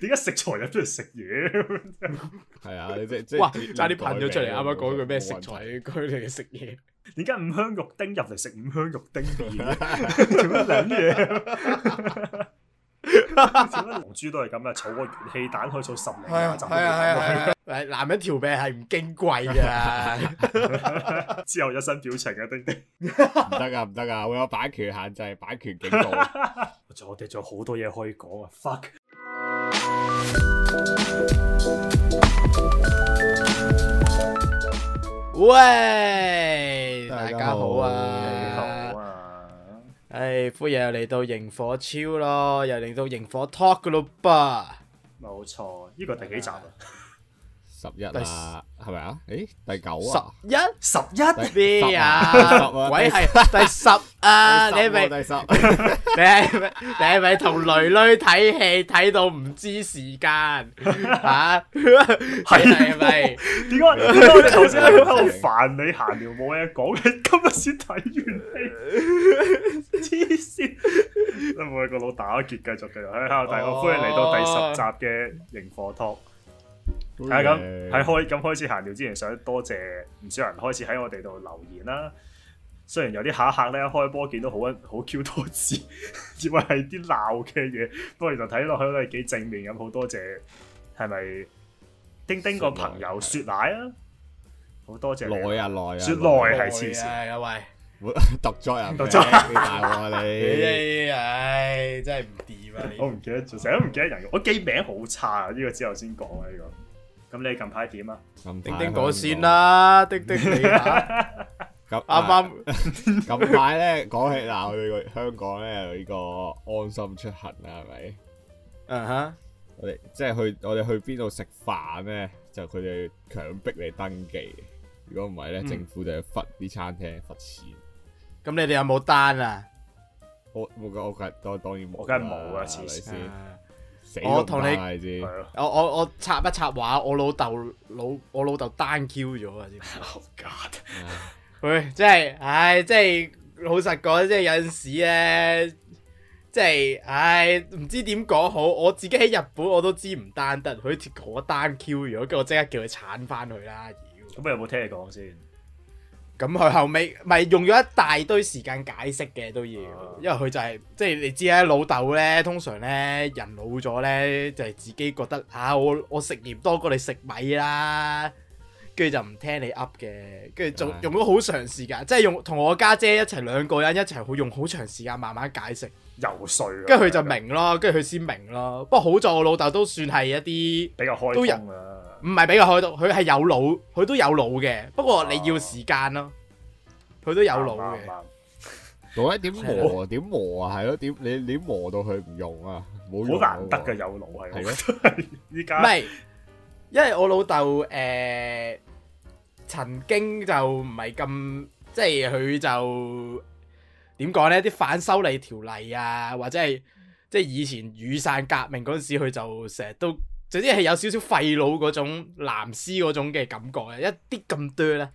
點解食材入咗嚟食嘢？係啊，你即係哇，差啲噴咗出嚟。啱啱講句咩食材？佢哋食嘢。點解五香肉丁入嚟食五香肉丁麵？做乜兩嘢？做乜龍珠都係咁啊？儲個元氣蛋可以儲十零就。係係男人條命係唔矜貴嘅。之後一身表情啊，叮叮，唔得啊，唔得啊，會有版權限制，版權警告。我哋仲有好多嘢可以講啊。Fuck. 喂，大家，大家好啊！你好啊！哎，歡迎又嚟到營火超咯，又嚟到營火 talk 咯噃，冇錯，呢、這個第幾集啊？ 第十一啊，係咪啊？誒，第九啊？十一，十一咩啊？鬼係 第十啊？你係咪？第十 剛剛你係你係咪同女女睇戲睇到唔知時間吓？係咪？點 解、嗯、我頭先喺度煩你閒聊冇嘢講，你今日先睇完，黐線！我個腦打結，繼續繼續。好，大家歡迎嚟到第十集嘅營火 talk。係咁喺開咁開始閒聊之前，想多謝唔少人開始喺我哋度留言啦。雖然有啲下客咧開波見到好好 Q 多次，亦或係啲鬧嘅嘢，不過其實睇落去都係幾正面咁。好多謝，係咪叮叮個朋友雪奶啊？好多謝，來啊來啊，雪奶係黐線啊喂！毒咗人啊毒咗人，你唉真係唔掂啊！我唔記得，成日都唔記得人。我記名好差啊！呢個之後先講啊呢個。咁你近排點啊？叮叮講先啦，啊，叮叮丁 你啊，咁啱啱近排咧講起嗱，去香港咧呢，這個安心出行啦，係咪？啊吓、uh？Huh. 我哋即係去，我哋去邊度食飯咧，就佢哋強迫你登記。如果唔係咧，嗯、政府就要罰啲餐廳罰錢。咁你哋有冇單啊？我我我梗當當然冇啦，係咪先？我同你， 我我我插一插話，我老豆老我老豆單 Q 咗啊先，好、 oh、God，喂，即係，唉，即係老實講，即係有陣時咧，即係，唉，唔知點講好。我自己喺日本我單單，我都知唔單得佢嗰單 Q 咗，跟住我即刻叫佢鏟翻佢啦。咁 你有冇聽你講先？咁佢後尾咪用咗一大堆時間解釋嘅都要，因為佢就係、是、即係你知咧，老豆咧通常咧人老咗咧就係、是、自己覺得嚇、啊、我我食鹽多過你食米啦，跟住就唔聽你噏嘅，跟住仲用咗好長時間，嗯、即係用同我家姐、姐一齊兩個人一齊會用好長時間慢慢解釋游説，跟住佢就明咯，跟住佢先明咯。不過好在我老豆都算係一啲比較開通啊。都唔係俾佢開到，佢係有腦，佢都有腦嘅。不過你要時間咯，佢、啊、都有腦嘅。老一點磨，點磨啊？係、嗯、咯，點你你磨到佢唔用啊？冇好難得嘅有腦係。係咯，依家唔係，因為我老豆誒、呃，曾經就唔係咁，即係佢就點講咧？啲反修例條例啊，或者係即係以前雨傘革命嗰時，佢就成日都。總之係有少少廢老嗰種藍絲嗰種嘅感覺啊，一啲咁多咧，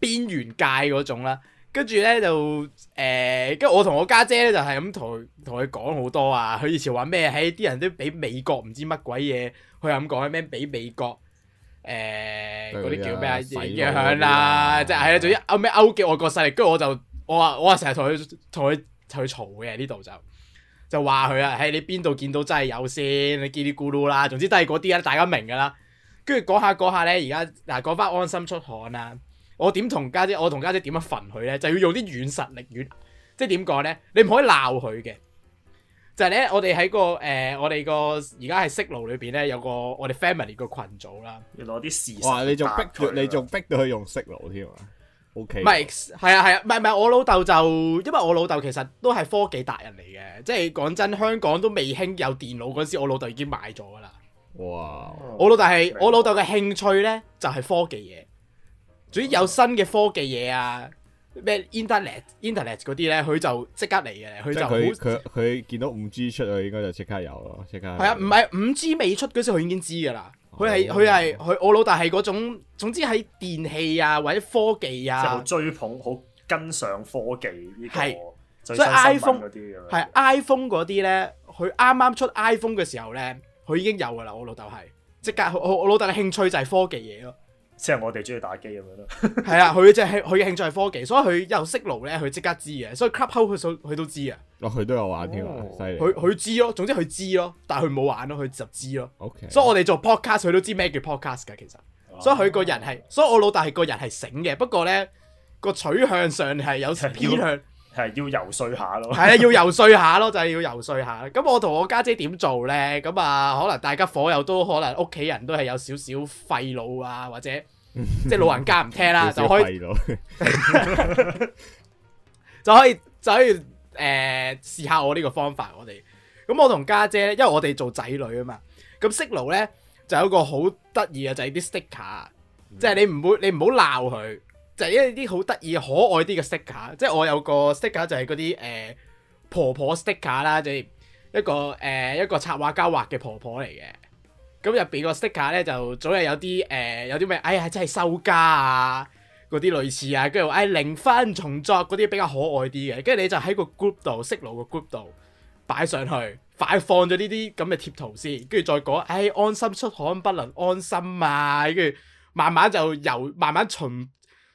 邊緣界嗰種啦，跟住咧就誒，跟住我同我家姐咧就係咁同同佢講好多啊，佢以前話咩喺啲人都俾美國唔知乜鬼嘢，佢又咁講咩俾美國誒嗰啲叫咩啊影響啦，即係係啊，總之勾咩勾結外國勢力，跟住的我就我話我話成日同佢同佢同佢嘈嘅呢度就。就話佢啊，喺你邊度見到真係有先？你嘰哩咕嚕啦，總之都係嗰啲啦，大家明噶啦。跟住、啊、講下講下咧，而家嗱講翻安心出行啦。我點同家姐，我同家姐點樣焚佢咧？就要用啲軟實力軟，即係點講咧？你唔可以鬧佢嘅。就係、是、咧，我哋喺個誒、呃，我哋個而家係 Signal 裏邊咧，有個我哋 family 個群組啦。要攞啲事實、哦，你仲逼，佢彩？你仲逼,逼到佢用 Signal 添 Mike，係啊係啊，唔係唔係，我老豆就因為我老豆其實都係科技達人嚟嘅，即係講真，香港都未興有電腦嗰時，我老豆已經買咗噶啦。哇！我老豆係明白我老豆嘅興趣呢，就係、是、科技嘢，總之有新嘅科技嘢啊，咩 In Internet、Internet 嗰啲呢，佢就，就即刻嚟嘅，佢就佢佢佢見到五 G 出，佢應該就即刻有咯，即刻。係啊，唔係五 G 未出嗰時，佢已經知噶啦。佢係佢係佢，我老豆係嗰種，總之喺電器啊或者科技啊，即係好追捧、好跟上科技呢個。所以係 iPhone 係 iPhone 嗰啲咧，佢啱啱出 iPhone 嘅時候咧，佢已經有㗎啦。我老豆係即係我我老豆嘅興趣就係科技嘢咯。即係我哋中意打機咁樣咯，係 啊，佢即係佢嘅興趣係科技，所以佢又識路咧，佢即刻知嘅，所以 clubhouse 佢都知啊。哦、oh.，佢都有玩添佢，佢知咯，總之佢知咯，但係佢冇玩咯，佢就知咯。OK。所以我哋做 podcast，佢都知咩叫 podcast 㗎，其實。所以佢個人係，所以我老豆係個人係醒嘅，不過咧個取向上係有時偏向。係要游説下咯，係啊，要游説下咯，就係、是、要游説下。咁我同我家姐點做咧？咁啊，可能大家伙又都可能屋企人都係有少少費腦啊，或者即係、就是、老人家唔聽啦，就可以就可以就可以誒試下我呢個方法。我哋咁我同家姐，姐，因為我哋做仔女啊嘛，咁識勞咧就有一個好得意嘅就係、是、啲 sticker，即係你唔會你唔好鬧佢。就係一啲好得意、可愛啲嘅 sticker，即係我有個 sticker 就係嗰啲誒婆婆 sticker 啦，即係一個誒、呃、一個插畫家畫嘅婆婆嚟嘅。咁入邊個 sticker 咧就總係有啲誒、呃、有啲咩，哎呀真係收家啊，嗰啲類似啊，跟住誒零分重作嗰啲比較可愛啲嘅，跟住你就喺個 group 度，色路個 group 度擺上去，擺放咗呢啲咁嘅貼圖先，跟住再講，誒、哎、安心出行不能安心啊，跟住慢慢就由慢慢循。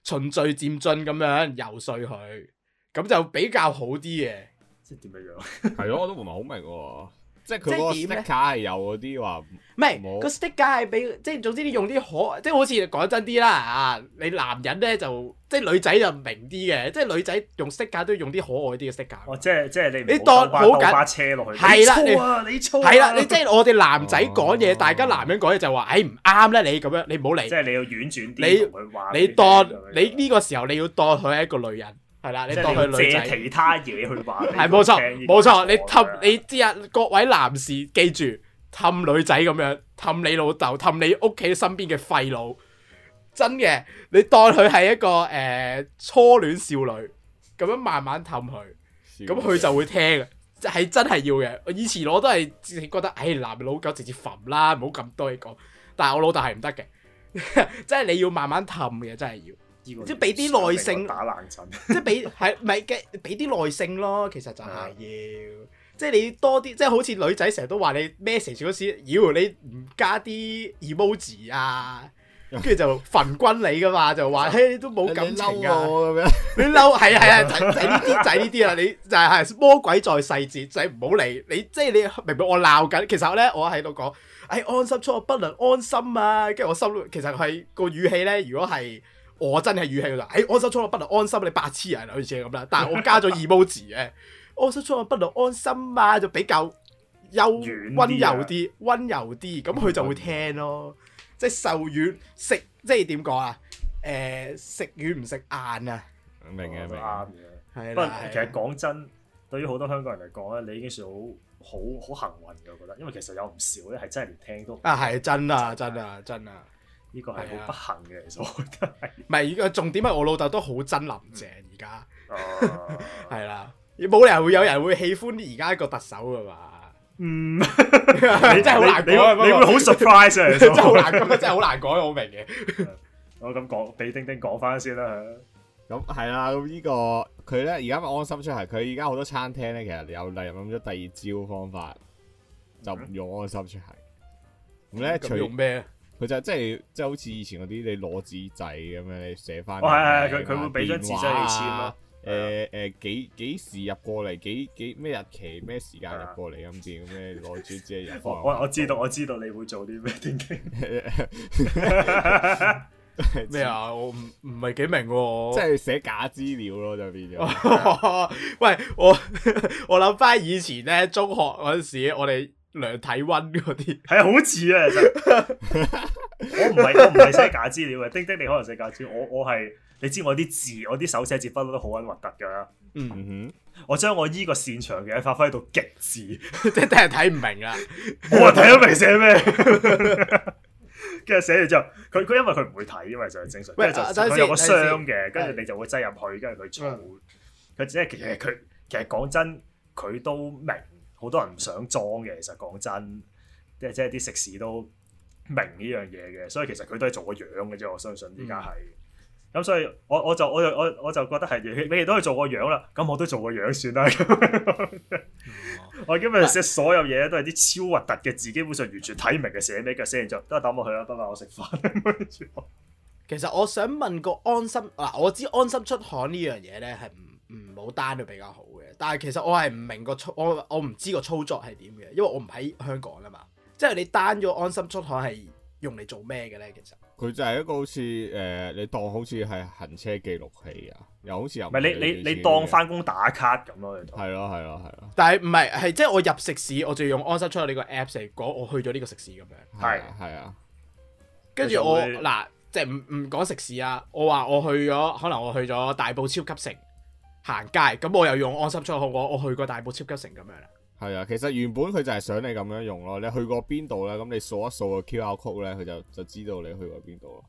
循序漸進咁樣遊說佢，咁就比較好啲嘅。即係點樣？係 咯， 我都唔係好明喎。即係佢個 s t 卡係有嗰啲話，唔係個 stick 卡係俾，即係總之你用啲可，即係好似講真啲啦啊！你男人咧就，即係女仔就唔明啲嘅，即係女仔用 s t i c 卡都用啲可愛啲嘅 s t 卡。哦，即係即係你你當冇緊車落去，係啦，你粗，係啦，你即係我哋男仔講嘢，大家男人講嘢就話，哎，唔啱咧，你咁樣你唔好嚟。即係你要婉轉啲，你你當你呢個時候你要當佢係一個女人。係啦，你當佢女仔借其他嘢去玩，係冇錯，冇錯。你氹你知啊，各位男士記住氹女仔咁樣，氹你老豆，氹你屋企身邊嘅廢佬，真嘅。你當佢係一個誒、呃、初戀少女，咁樣慢慢氹佢，咁佢姐就會聽。即係真係要嘅。以前我都係覺得，唉、哎，男老狗直接揈啦，唔好咁多嘢講。但係我老豆係唔得嘅，即係你要慢慢氹嘅，真係要。即係俾啲耐性，打冷震，即係俾係咪嘅？俾啲耐性咯，其實就係要，即係 你多啲，即、就、係、是、好似女仔成日都話你 message 嗰時，妖、呃、你唔加啲 emoji 啊，跟住就焚君你㗎嘛，就話 嘿你都冇咁嬲我！」咁樣你嬲係啊係啊，仔呢啲仔呢啲啊，你就係魔鬼在細節，仔唔好理。你即係、就是、你明明我鬧緊，其實咧我喺度講，哎，安心錯不能安心啊，跟住我心其實係個語氣咧，如果係。我真係語氣佢就、哎，安心錯我不能安心，你白痴人好似咁啦。但係我加咗 emoji 嘅，安心錯我不能安心啊，就比較優軟温柔啲，温柔啲，咁佢就會聽咯。 即係秀語食，即係點講啊？誒、呃，食軟唔食硬啊。明嘅，明嘅，啱嘅。不過其實講真，對於好多香港人嚟講咧，你已經算好好好幸運嘅，我覺得，因為其實有唔少咧係真係連聽都啊係真啊，真啊，真啊。真呢個係好不幸嘅，其實我覺得係。唔係，呢個重點係我老豆都好憎林鄭而家。哦，係啦，冇理由會有人會喜歡而家個特首㗎嘛？嗯，你真係好難講，你會好 surprise 嚟，真係好難講，真係好難講，我明嘅。我咁講，俾丁丁講翻先啦。咁係啦，咁呢個佢咧，而家安心出行。佢而家好多餐廳咧，其實又嚟諗咗第二招方法，就唔用安心出行。咁咧，除用咩？佢就真、是、係，真、就、係、是、好似以前嗰啲你攞紙仔咁樣，你寫翻、啊。係係佢佢會俾張紙仔、啊、你簽啦。誒誒、嗯呃呃，幾幾時入過嚟？幾幾咩日期？咩時間入過嚟咁至咩咧？攞紙仔入。我我知道，我知道你會做啲咩天經。咩 啊？我唔唔係幾明喎、啊。即係 寫假資料咯，就變咗。 喂，我我諗翻以前咧，中學嗰陣時我，我哋。量體溫嗰啲係啊，好似啊！其實我唔係我唔係寫假資料嘅，丁丁，你可能寫假資料，我我係你知我啲字，我啲手寫字筆都好鬼核突噶啦。嗯哼，嗯我將我依個擅長嘅發揮到極致，即係睇唔明啊。冇 我睇都未寫咩？跟住寫完之後，佢佢因為佢唔會睇，因為就係正常，佢有個箱嘅，跟住你就是、啊、會擠入去，跟住佢做。佢只係其實佢其實講真，佢都明。好多人唔想裝嘅，其實講真，即係即係啲食肆都明呢樣嘢嘅，所以其實佢都係做個樣嘅啫。我相信依家係，咁、嗯、所以我我就我就我我就覺得係你亦都係做個樣啦。咁我都做個樣算啦。 嗯哦、我今日寫所有嘢都係啲超核突嘅字，基本上完全睇唔明嘅，寫咩腳寫完咗，都係等我去啦。拜拜，我食飯。 其實我想問個安心嗱，我知安心出行呢樣嘢咧，係唔唔好單嘅比較好。但係其實我係唔明個操，我我唔知個操作係點嘅？因為我唔喺香港啊嘛。即係你單咗安心出行係用嚟做咩嘅咧？其實佢就係一個好似誒、呃，你當好似係行車記錄器啊，又好似又唔係你你你，你當翻工打卡咁咯。係咯係咯係咯。但係唔係係即係我入食肆，我就要用安心出行呢個 app 嚟講我去咗呢個食肆咁樣。係係啊。跟住的的我嗱，即係唔唔講食肆啊！我話我去咗，可能我去咗大埔超級城。行街，咁我又用安心出行，我我去過大埔超級城咁樣啦。係啊，其實原本佢就係想你咁樣用咯。你去過邊度咧？咁你掃一掃個 QR code 咧，佢就就知道你去過邊度咯。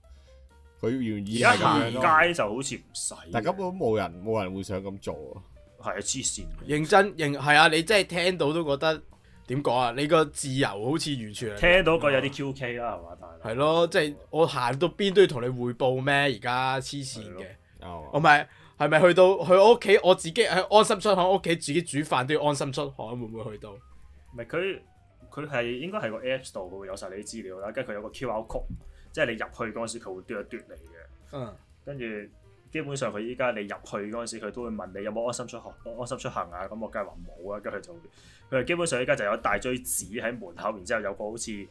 佢願意而家行街就好似唔使，但根本冇人冇人會想咁做啊。係啊黐線，認真認係啊！你真係聽到都覺得點講啊？你個自由好似完全聽到個有啲 Q K 啦，係嘛、啊？係咯，即係我行到邊都要同你匯報咩？而家黐線嘅，唔係。係咪去到去我屋企，我自己喺安心出行，屋企自己煮飯都要安心出行，會唔會去到？唔係，佢佢係應該係個 apps 度會有晒你啲資料啦。跟住佢有個 QR code，即係你入去嗰陣時，佢會嘟一嘟你嘅。嗯，跟住基本上佢依家你入去嗰陣時，佢都會問你有冇安心出行，安心出行啊？咁我梗係話冇啦。跟住佢就佢基本上依家就有大堆紙喺門口，然之後有個好似集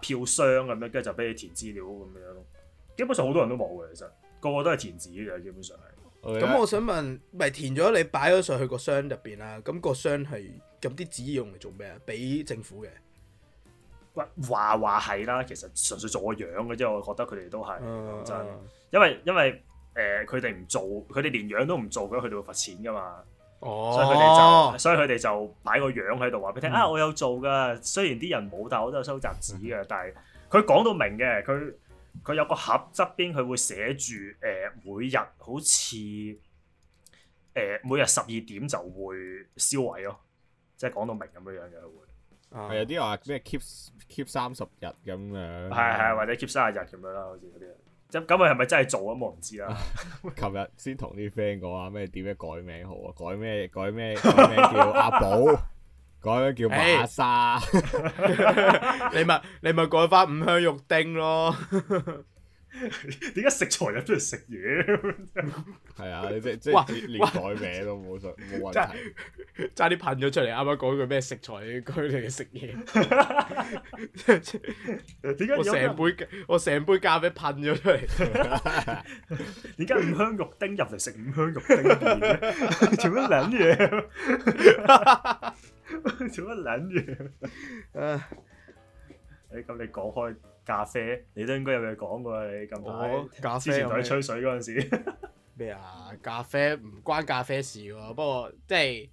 票箱咁樣，跟住就俾你填資料咁樣。基本上好多人都冇嘅，其實個個都係填紙嘅。基本上係。咁、嗯、我想問，咪、嗯、填咗你擺咗上去個箱入邊啦？咁、個箱係咁啲紙用嚟做咩啊？俾政府嘅？話話係啦，其實純粹做個樣嘅啫。我覺得佢哋都係、真、嗯，因為因為誒，佢哋唔做，佢哋連樣都唔做，咁佢哋會罰錢噶嘛。哦，所，所以佢哋就所以佢哋就擺個樣喺度話俾你聽啊，我有做噶，雖然啲人冇，但我都有收集紙噶。嗯、但係佢講到明嘅，佢。佢有個盒側邊，佢會寫住誒、呃、每日好似誒、呃、每日十二點就會燒毀咯，即係講到明咁樣樣嘅會。係、啊嗯、有啲話咩 keep keep 三十日咁樣，係係的或者 keep 三十日咁樣啦，好似嗰啲。咁咁佢係咪真係做啊？我唔知啦。琴日先同啲 friend 講話咩點樣改名好啊？改咩改咩改，改，改名 叫阿寶。改咗叫馬沙 Hey. 你咪你咪改返五香肉丁咯？點 解 食材入咗嚟食嘢？係 啊，你即即哇連改名都冇冇問題。差啲噴咗出嚟，啱啱講句咩食材佢哋嘅食嘢？點解 我成杯我成杯咖啡噴咗出嚟？點 解 五香肉丁入嚟食五香肉丁嘅？ 做乜撚嘢？ 做乜撚住？誒 懶，誒 咁你講開咖啡，你都應該有嘢講喎。你咁快，之前喺吹水嗰陣時咩啊？咖啡唔關咖啡事喎。不過即係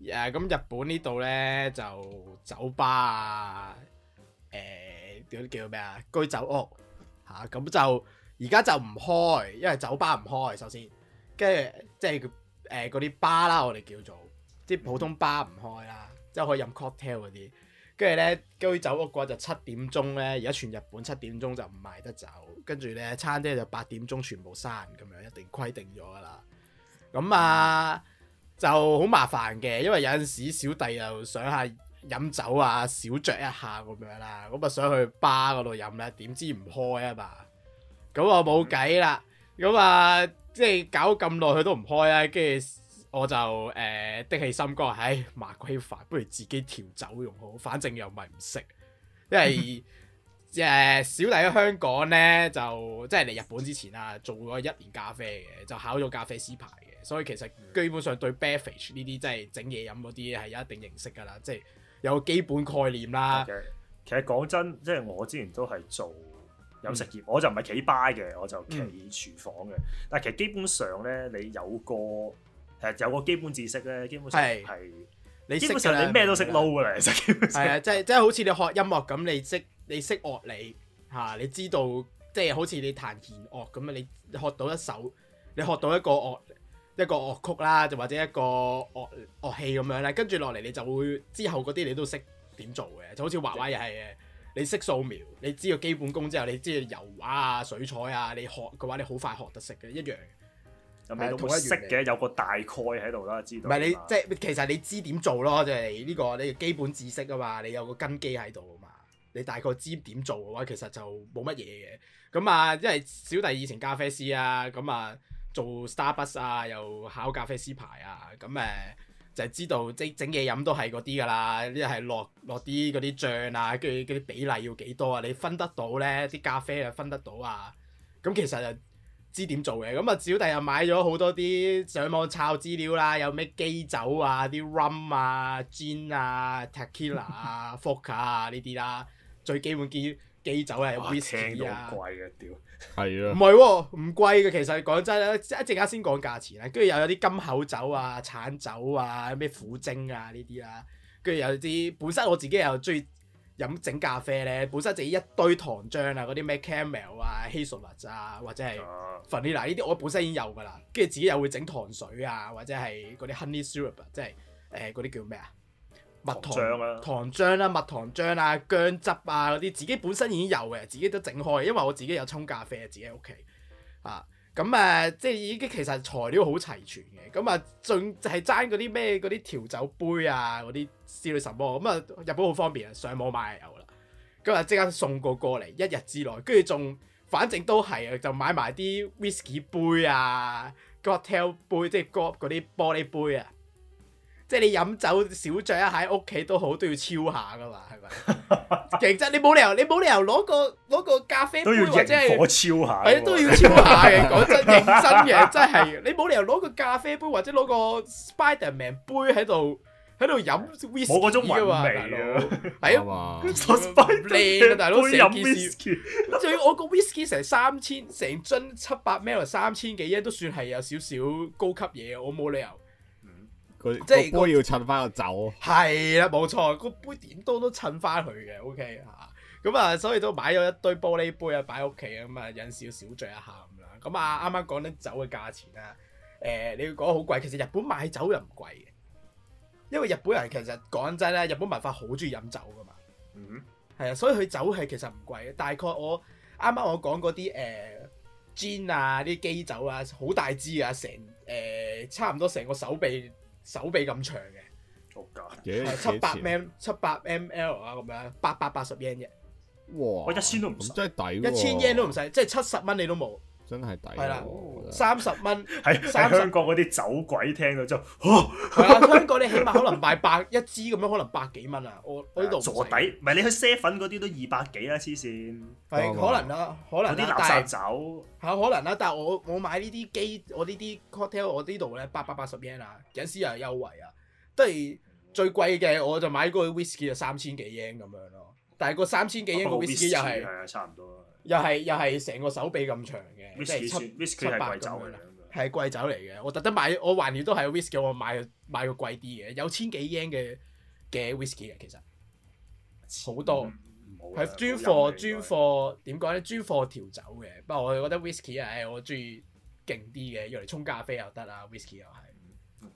誒咁日本呢度咧，就酒吧啊，誒嗰啲叫咩啊？居酒屋嚇咁、啊、就而家就唔開，因為酒吧唔開首先，跟住即係誒嗰啲吧啦，我哋叫做即普通吧唔開啦。嗯即係可以飲 cocktail 嗰啲，跟住咧，居酒屋嘅話就七點鐘咧，而家全日本七點鐘就唔賣得走。跟住咧，餐廳就八點鐘全部閂，咁樣一定規定咗㗎啦。咁啊就好麻煩嘅，因為有陣時小弟又想下飲酒啊，小酌一下咁樣啦，咁啊想去巴嗰度飲咧，點知唔開啊嘛？咁我冇計啦，咁啊即係搞咁耐佢都唔開啊。跟住。我就誒的起心肝，唉麻鬼煩，不如自己調酒用好，反正又唔係唔識。因為誒、 呃、小弟喺香港呢，就即係嚟日本之前啦，做咗一年咖啡嘅，就考咗咖啡師牌嘅，所以其實基本上對 beverage 呢啲即係整嘢飲嗰啲係有一定認識噶啦，即係有基本概念啦。Okay. 其實講真，即係我之前都係做飲食業，嗯、我就唔係企吧嘅，我就企廚房嘅。嗯、但係其實基本上呢，你有個誒有個基本知識咧，基本上係你基本上你咩都識撈噶啦，其實係啊， 即係即係好似你學音樂咁，你識你識樂理嚇，你知道即係、就是、好似你彈弦樂咁啊，你學到一首，你學到一個樂一個樂曲啦，就或者一個樂樂器咁樣咧，跟住落嚟你就會之後嗰啲你都識點做嘅，就好似畫畫又係嘅，的你識素描，你知道基本功之後，你知道油畫啊、水彩啊，你學嘅話你好快學得識嘅一樣。有咩都識嘅，有個大概喺度啦，知道。唔係你即係其實你知點做咯，即係呢個你基本知識啊嘛，你有個根基喺度啊嘛。你大概知點做嘅話，其實就冇乜嘢嘅。咁啊，因為小弟以前咖啡師啊，咁啊做 Starbucks 啊，又考咖啡師牌啊，咁誒、啊、就知道即整嘢飲都係嗰啲㗎喇，啲係落落啲嗰啲醬啊，跟住啲比例要幾多啊，你分得到咧啲咖啡啊，分得到啊，咁其實就。知點做嘅咁啊？小弟又買咗好多啲上網抄資料啦，有咩基酒啊、啲 rum 啊、gin 啊、tequila 啊、伏卡 啊呢啲啦。最基本嘅基，基酒係 whisky 啊。聽都貴嘅，屌。係啊。唔係喎，唔、 啊、貴嘅其實講真咧，一陣間先講價錢啦。跟住又有啲金口酒啊、橙酒啊、咩苦精啊呢啲啦。跟住有啲本身我自己又中意。飲整咖啡咧，本身就一堆糖漿啊，嗰啲咩 camel 啊、hazel 蜜啊，或者係 vanilla 呢啲，我本身已經有㗎啦。跟住自己又會整糖水啊，或者係嗰啲 honey syrup 啊，即係誒嗰啲叫咩啊？蜜糖糖漿啊？糖漿啊？蜜糖漿啊、薑汁啊嗰啲，自己本身已經有嘅，自己都整開。因為我自己有沖咖啡，自己喺屋企啊。咁啊，即係已經其實材料好齊全嘅，咁啊，仲係爭嗰啲咩，嗰啲調酒杯啊，嗰啲之類什麼，咁啊日本好方便啊，上網買就有啦，咁啊即刻送過過嚟，一日之內，跟住仲反正都係啊，就買埋啲 whisky 杯啊，gottel 杯，即係嗰嗰啲玻璃杯啊。即係你飲酒小醉下喺屋企都好都要超下噶嘛，係咪？ 其實，你冇理由，你冇理由攞個攞個咖啡杯或者係我超下，係 都要超下嘅。講 真，認真嘅真係，你冇理由攞個咖啡杯或者攞個 Spiderman 杯喺度喺度飲 whisky 嘅嘛，係嘛？靚啊 吧，大佬 個！成飲 w h 仲要我 wh 個 whisky 成三千成樽七百 ml 三千幾，嘅都算係有少少高級嘢，我冇理由。即係杯要襯翻個酒，係啊，冇錯，個杯點都都襯翻佢嘅，OK 吓，咁啊，所以都買咗一堆玻璃杯啊，擺喺屋企咁啊，飲少少醉一下咁樣。咁啊，啱啱講緊啲酒嘅價錢啊，誒、呃，你要講好貴，其實日本買酒又唔貴嘅，因為日本人其實講真咧，日本文化好中意飲酒噶嘛，嗯，係啊，所以佢酒係其實唔貴嘅。大概我啱啱我講嗰啲誒 Gin 啊，啲基酒啊，好大支啊，成誒、呃、差唔多成個手臂。手臂咁長嘅，好假嘅，七百 m 七百 ml 啊前，咁樣八百八十 yen 啫，哇，我一千都唔使。真係抵一千 yen 都唔使，即係七十蚊你都冇。真係抵，係啦、啊，三十蚊喺香港嗰啲酒鬼聽到就嚇、啊，香港你起碼可能賣百一支咁樣，可能百幾蚊啊！我我呢度坐底，唔係你去 seven 嗰啲都二百幾啦，黐線。係可能啦，可能、啊。有啲垃圾酒，係、啊、可能啦、啊，但係我我買呢啲機，我，我，我呢啲 cocktail，我呢度咧八百八十 yen 啊，有時又優惠啊，都係最貴嘅我就買嗰個 whisky 就三千幾 yen 咁樣咯，但係個三千幾 yen 個 whisky 又係差唔多。 又係又係成個手臂咁長嘅，Whis ky 即係七 Whis ky 七八咁樣嘅，係貴酒嚟嘅。我特登買，我懷念都係 whisky，我買買個貴啲嘅，有千幾 yen 嘅嘅 whisky 嘅，其實多、嗯、好多係專貨喝專貨點講咧？專貨調酒嘅，不過我覺得 whisky 啊、哎，誒，我中意勁啲嘅，用嚟沖咖啡又得啦，whisky 又係。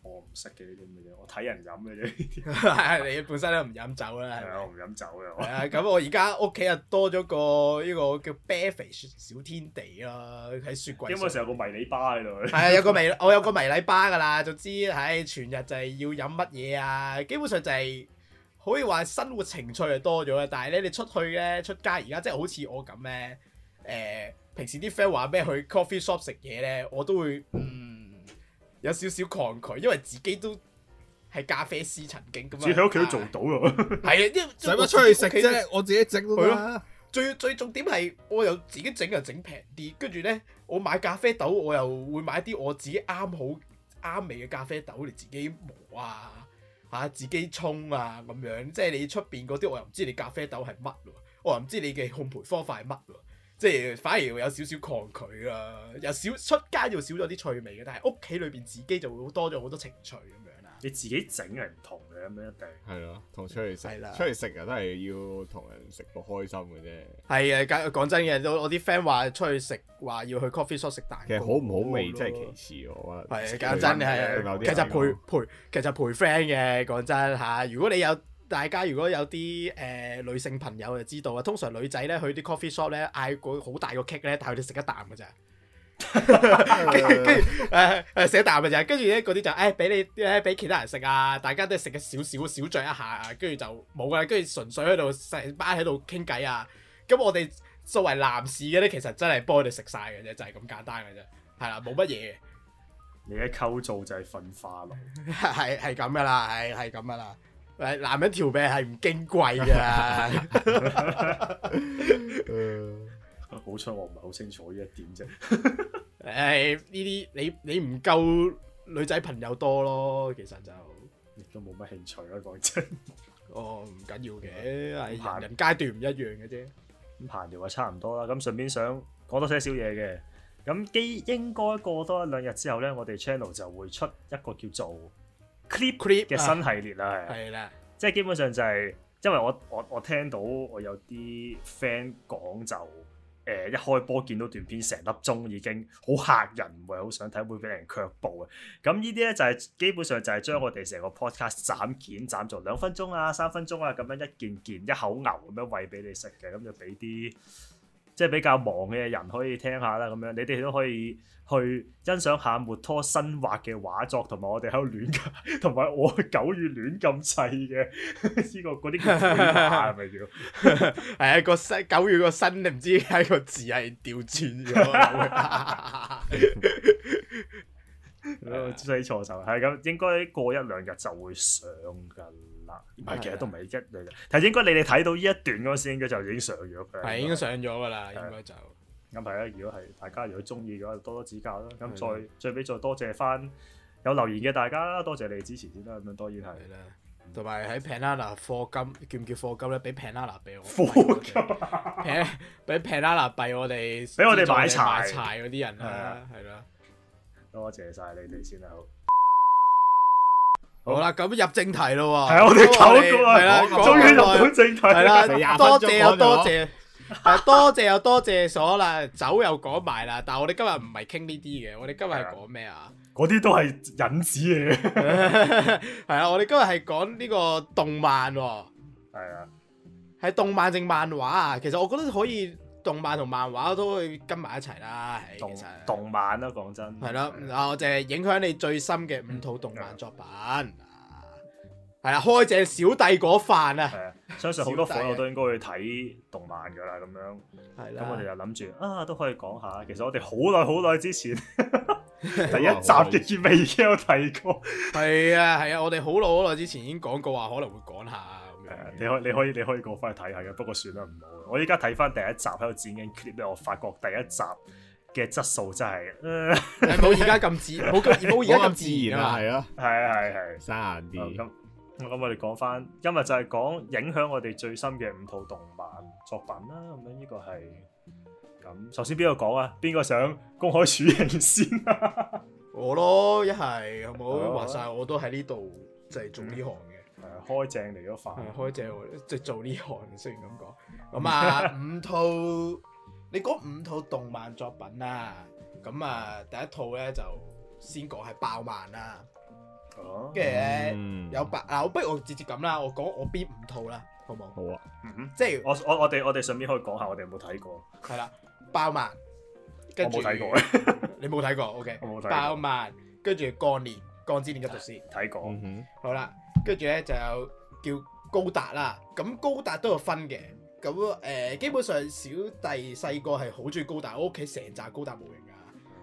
我唔識嘅呢啲咁嘅嘢，我睇人飲嘅啫。你本身都唔飲酒啦，係啊，我唔飲酒嘅。係啊，咁我而家屋企啊多咗個呢個叫啤肥雪小天地咯，喺雪櫃。因為成日有個迷你吧喺度。係啊，有個迷，我有個迷你吧噶啦，就知喺全日就係要飲乜嘢啊。基本上就係可以話生活情趣就多咗啦。但係咧，你出去咧，出街而家即係好似我咁咧，誒，平時啲 friend 話咩去 coffee shop 食嘢咧，我都會嗯。有少少抗拒，因為自己都係咖啡師曾經㗎嘛。自己喺屋企都做到喎。係 啊，使乜出去食啫？我自己整啦。最最重點係，我又自己整又整平啲，跟住咧，我買咖啡豆我又會買啲我自己啱好啱味嘅咖啡豆嚟自己磨啊，嚇、啊、自己沖啊咁樣。即係你出邊嗰啲，我又唔知你咖啡豆係乜喎，我又唔知你嘅烘焙方法係乜喎。即係反而會有少少抗拒啦，有少出街又少咗啲趣味嘅，但係屋企裏邊自己就會多咗好多情趣咁樣啦。你自己整係唔同嘅咁樣一定。係咯，同出去食。的出去食啊都係要同人食個開心嘅啫。係啊，講真嘅，我啲 friend 話出去食，話要去 coffee shop 食蛋糕。其實好唔好味好真係的其次喎。係講真係，其實陪陪其實陪 friend 嘅講真嚇，如果你有。大家如果有啲誒、呃、女性朋友就知道啊，通常女仔咧去啲 coffee shop 咧嗌個好大個 cake 咧，但佢哋食一啖嘅咋，跟住誒誒食一啖嘅咋，跟住咧嗰啲就誒俾、哎、你咧俾其他人食啊，大家都食嘅少少，小聚一下，跟住就冇噶啦，跟住純粹喺度成班喺度傾偈啊。咁、嗯、我哋作為男士嘅咧，其實真係幫佢哋食晒嘅啫，就係、是、咁簡單嘅啫，係啦，冇乜嘢。你嘅構造就係焚化爐，係係咁噶啦，係係咁噶啦。男人條命係唔矜貴噶，好彩我唔係好清楚呢一點啫。誒、 哎，呢啲你你唔夠女仔朋友多咯，其實就亦都冇乜興趣啦、啊，講真。哦，唔緊要嘅，係男、哦、人階段唔一樣嘅啫。咁閒聊啊，差唔多啦。咁順便想講多些少嘢嘅。咁基應該過多一兩日之後咧，我哋 channel 就會出一個叫做。Clip Clip 嘅新系列啦，係啦、啊，即係基本上就係、係，因為我我我聽到我有啲 friend 講就誒、呃、一開波見到段片成粒鐘已經好嚇人，唔係好想睇會俾人卻步啊。咁呢啲咧就係、係、基本上就係將我哋成個 podcast 斬件斬做兩分鐘啊、三分鐘啊咁樣，一件件一口牛咁樣餵俾你食嘅，咁就俾啲。即係比較忙嘅人可以聽下啦，咁樣你哋都可以去欣賞下莫拖新畫嘅畫作，同埋我哋喺度亂，同埋我九月亂咁砌嘅呢個嗰啲叫咩？係咪叫？係啊，個新，九月個新，你唔知點解個字係調轉咗。寫 錯就係咁，應該過一兩日就會上㗎。唔係，其實都唔係一嚟嘅，但係應該你哋睇到呢一段嗰陣時，應該就已經上咗。係已經上咗㗎啦，應該就咁埋啦。如果係大家如果中意嘅話，就多多指教啦。咁再最尾再多謝翻有留言嘅大家，多謝你哋支持先啦。咁樣當然係。同埋喺 Panana 課金叫唔叫課金咧？俾 Panana 俾我課金，俾 Panana 俾我哋俾我哋買柴買柴嗰啲人啦，係啦。多謝晒你哋先啦，好。好啦，咁入正題咯喎。係啊的，我哋走過啦，終於入到正題啦。了多謝又多，謝 多謝，多謝又多謝所啦，走又講埋啦。但係我哋今日唔係傾呢啲嘅，我哋今日係講咩啊？嗰啲都係引子嘅，係 啊， 我哋今日係講呢個動漫，係啊的，係動漫定漫畫啊？其實我覺得可以。動漫同漫畫都會跟埋一齊啦，其動，動漫咯，講真係咯，啊是，我就係影響你最深嘅五套動漫作品，係啦的，開正小弟嗰瓣的、嗯、啊，相信好多火友都應該去睇動漫噶啦，咁樣，咁我哋就諗住啊，都可以講下，其實我哋好耐好耐之前 第一集嘅結尾已經有睇過，係啊係啊，我哋好耐好耐之前已經講過話可能會講下。你可以你可以你可以過翻去睇下嘅，不過算啦唔好。我依家睇翻第一集喺度剪緊 clip 咧，我發覺第一集嘅質素真係冇而家咁自冇冇而家咁自然啦，係咯，係啊係係，生硬啲。咁咁我哋講翻，今日就係講影響我哋最深嘅五套動漫作品啦。咁樣呢個係咁，首先邊個講啊？邊個想公開處刑先？我咯，一係好唔好？話晒我都喺呢度就係做呢行嘅。開正嚟咗範，開正即係做呢行，雖然咁講。咁啊五套，你講五套動漫作品啊？咁啊第一套咧就先講係爆漫啦，跟住咧有白，我不如我直接咁啦，我講我邊五套啦，好冇？好啊，即係我我我哋我哋順便可以講下我哋有冇睇過？係啦，爆漫，我冇睇過，你冇睇過？O K，我冇睇過爆漫，跟住鋼鍊，鋼之煉金術師，睇過。好啦。跟住咧就有叫高達啦，咁高達都有分嘅，咁誒、呃、基本上小弟細個係好中意高達，我屋企成紮高達模型噶，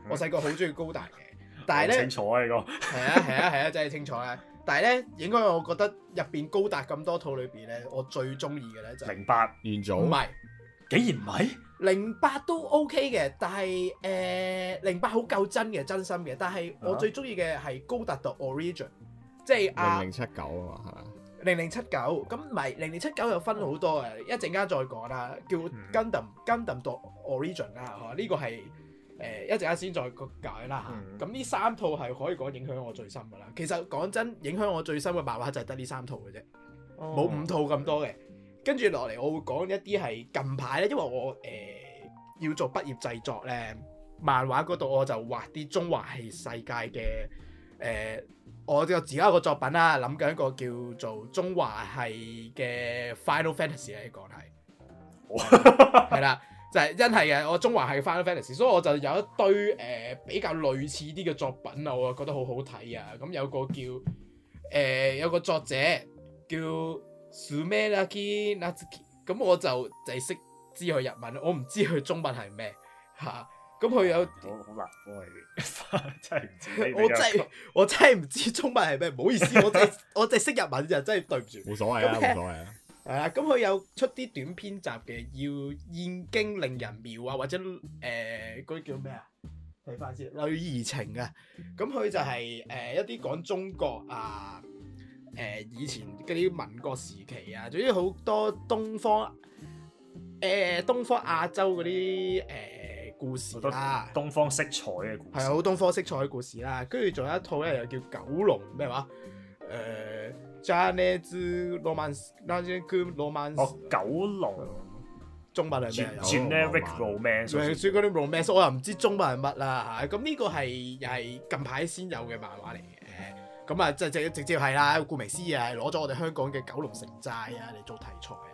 我細個好中意高達嘅。 但係咧清楚啊，呢個係啊係啊係啊，啊，啊，真係清楚啊！但係咧，應該我覺得入邊高達咁多套裏邊咧，我最中意嘅咧就係零八元祖唔係，8, 是竟然唔係零八都 OK 嘅，但係誒零八好夠真嘅，真心嘅，但係我最中意嘅係高達 The Origin。即係零零七九啊嘛，係咪？零零七九咁，唔係零零七九又分好多嘅，一陣間再講啦。叫 Gundam、mm. Gundam The Origin 啦、啊，呢、呢個係誒一陣間先再講啦嚇。咁呢、mm. 三套係可以講影響我最深㗎啦。其實講真，影響我最深嘅漫畫就係得呢三套嘅啫，冇、oh. 五套咁多嘅。跟住落嚟，我會講一啲係近排咧，因為我誒、呃、要做畢業製作咧，漫畫嗰度我就畫啲中華系世界嘅。誒、呃，我就自己有個作品啦，諗緊一個叫做中華係嘅 Final Fantasy 啊，呢個係，係啦，就係真係嘅，我中華係 Final Fantasy，所以我就有一堆誒、呃、比較類似啲嘅作品啊，我覺得好好睇啊，咁有個叫誒、呃、有個作者叫 Sumaki Natsuki 咁我就就係、是、識知佢日文，我唔知佢中文係咩嚇。啊咁佢有我好難真係唔知。我，我，我，我 真係我真係唔 知中文係咩，唔好意思，我真係我淨係識日文就真係對唔住。冇所謂啊，冇那所謂啊。係啊，咁佢有出啲短篇集嘅，要現經令人妙啊，或者誒嗰啲叫咩啊？睇翻先，女兒情啊。咁佢就係、是、誒、呃、一啲講中國啊，誒、呃、以前嗰啲民國時期啊，總之好多東方誒、呃、東方亞洲嗰啲誒。呃故事啦，東方色彩嘅故事，係好東方色彩嘅故事啦。跟住仲有一套咧，又叫《呃、ans, 九龍咩話》，誒 Generic Romance, Generic Romance 哦，九龍、呃、中文係咩 Generic Romance，仲係算嗰啲 Romance，我又唔知中文係乜啦嚇。咁、啊、呢、這個係又係近排先有嘅漫畫嚟嘅。咁啊，即係直直接係啦、啊，顧名思義係攞咗我哋香港嘅九龍城寨啊嚟做題材。啊。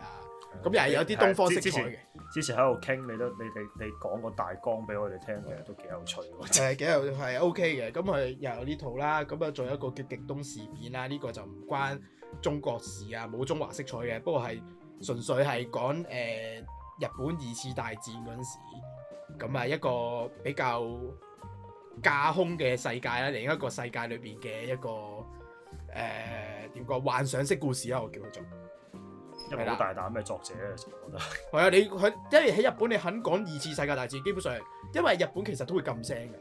咁、嗯、又係有啲東方色彩嘅。之前喺度傾，你都你你你講個大綱俾我哋聽，其實都幾有趣喎。就係幾有，係 OK 嘅。咁佢又有呢套啦。咁啊，仲有一個叫《極東事件》啦。呢個就唔關中國事啊，冇中華色彩嘅。不過係純粹係講誒日本二次大戰嗰陣時，咁啊一個比較架空嘅世界啦，另一個世界裏邊嘅一個誒點講？幻想式故事啦、啊，我叫佢做。因為好大膽嘅作者，我覺得。係啊，你佢因為喺日本，你肯講二次世界大戰，基本上，因為日本其實都會禁聲嘅，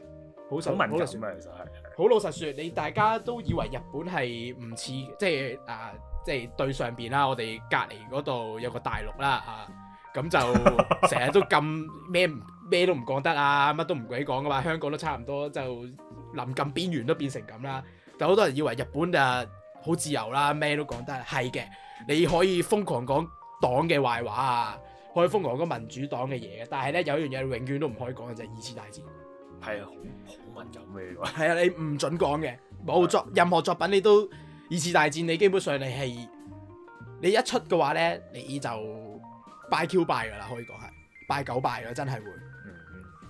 好敏感，其實係。好老實説，你大家都以為日本係唔似，即係啊，即係對上邊啦，我哋隔離嗰度有個大陸啦啊，咁就成日都禁咩咩都唔講得啊，乜都唔鬼講噶嘛，香港都差唔多就臨近邊緣都變成咁啦。但好多人以為日本啊好自由啦，咩都講得係嘅。你可以瘋狂講黨嘅壞話啊，可以瘋狂講民主黨嘅嘢嘅，但係咧有一樣嘢永遠都唔可以講嘅，就係二次大戰。係啊，好敏感嘅喎。係啊，你唔準講嘅，冇作任何作品你都二次大戰，你基本上你係你一出嘅話咧，你就拜 q 拜噶啦，可以講係拜九拜啦，真係會。嗯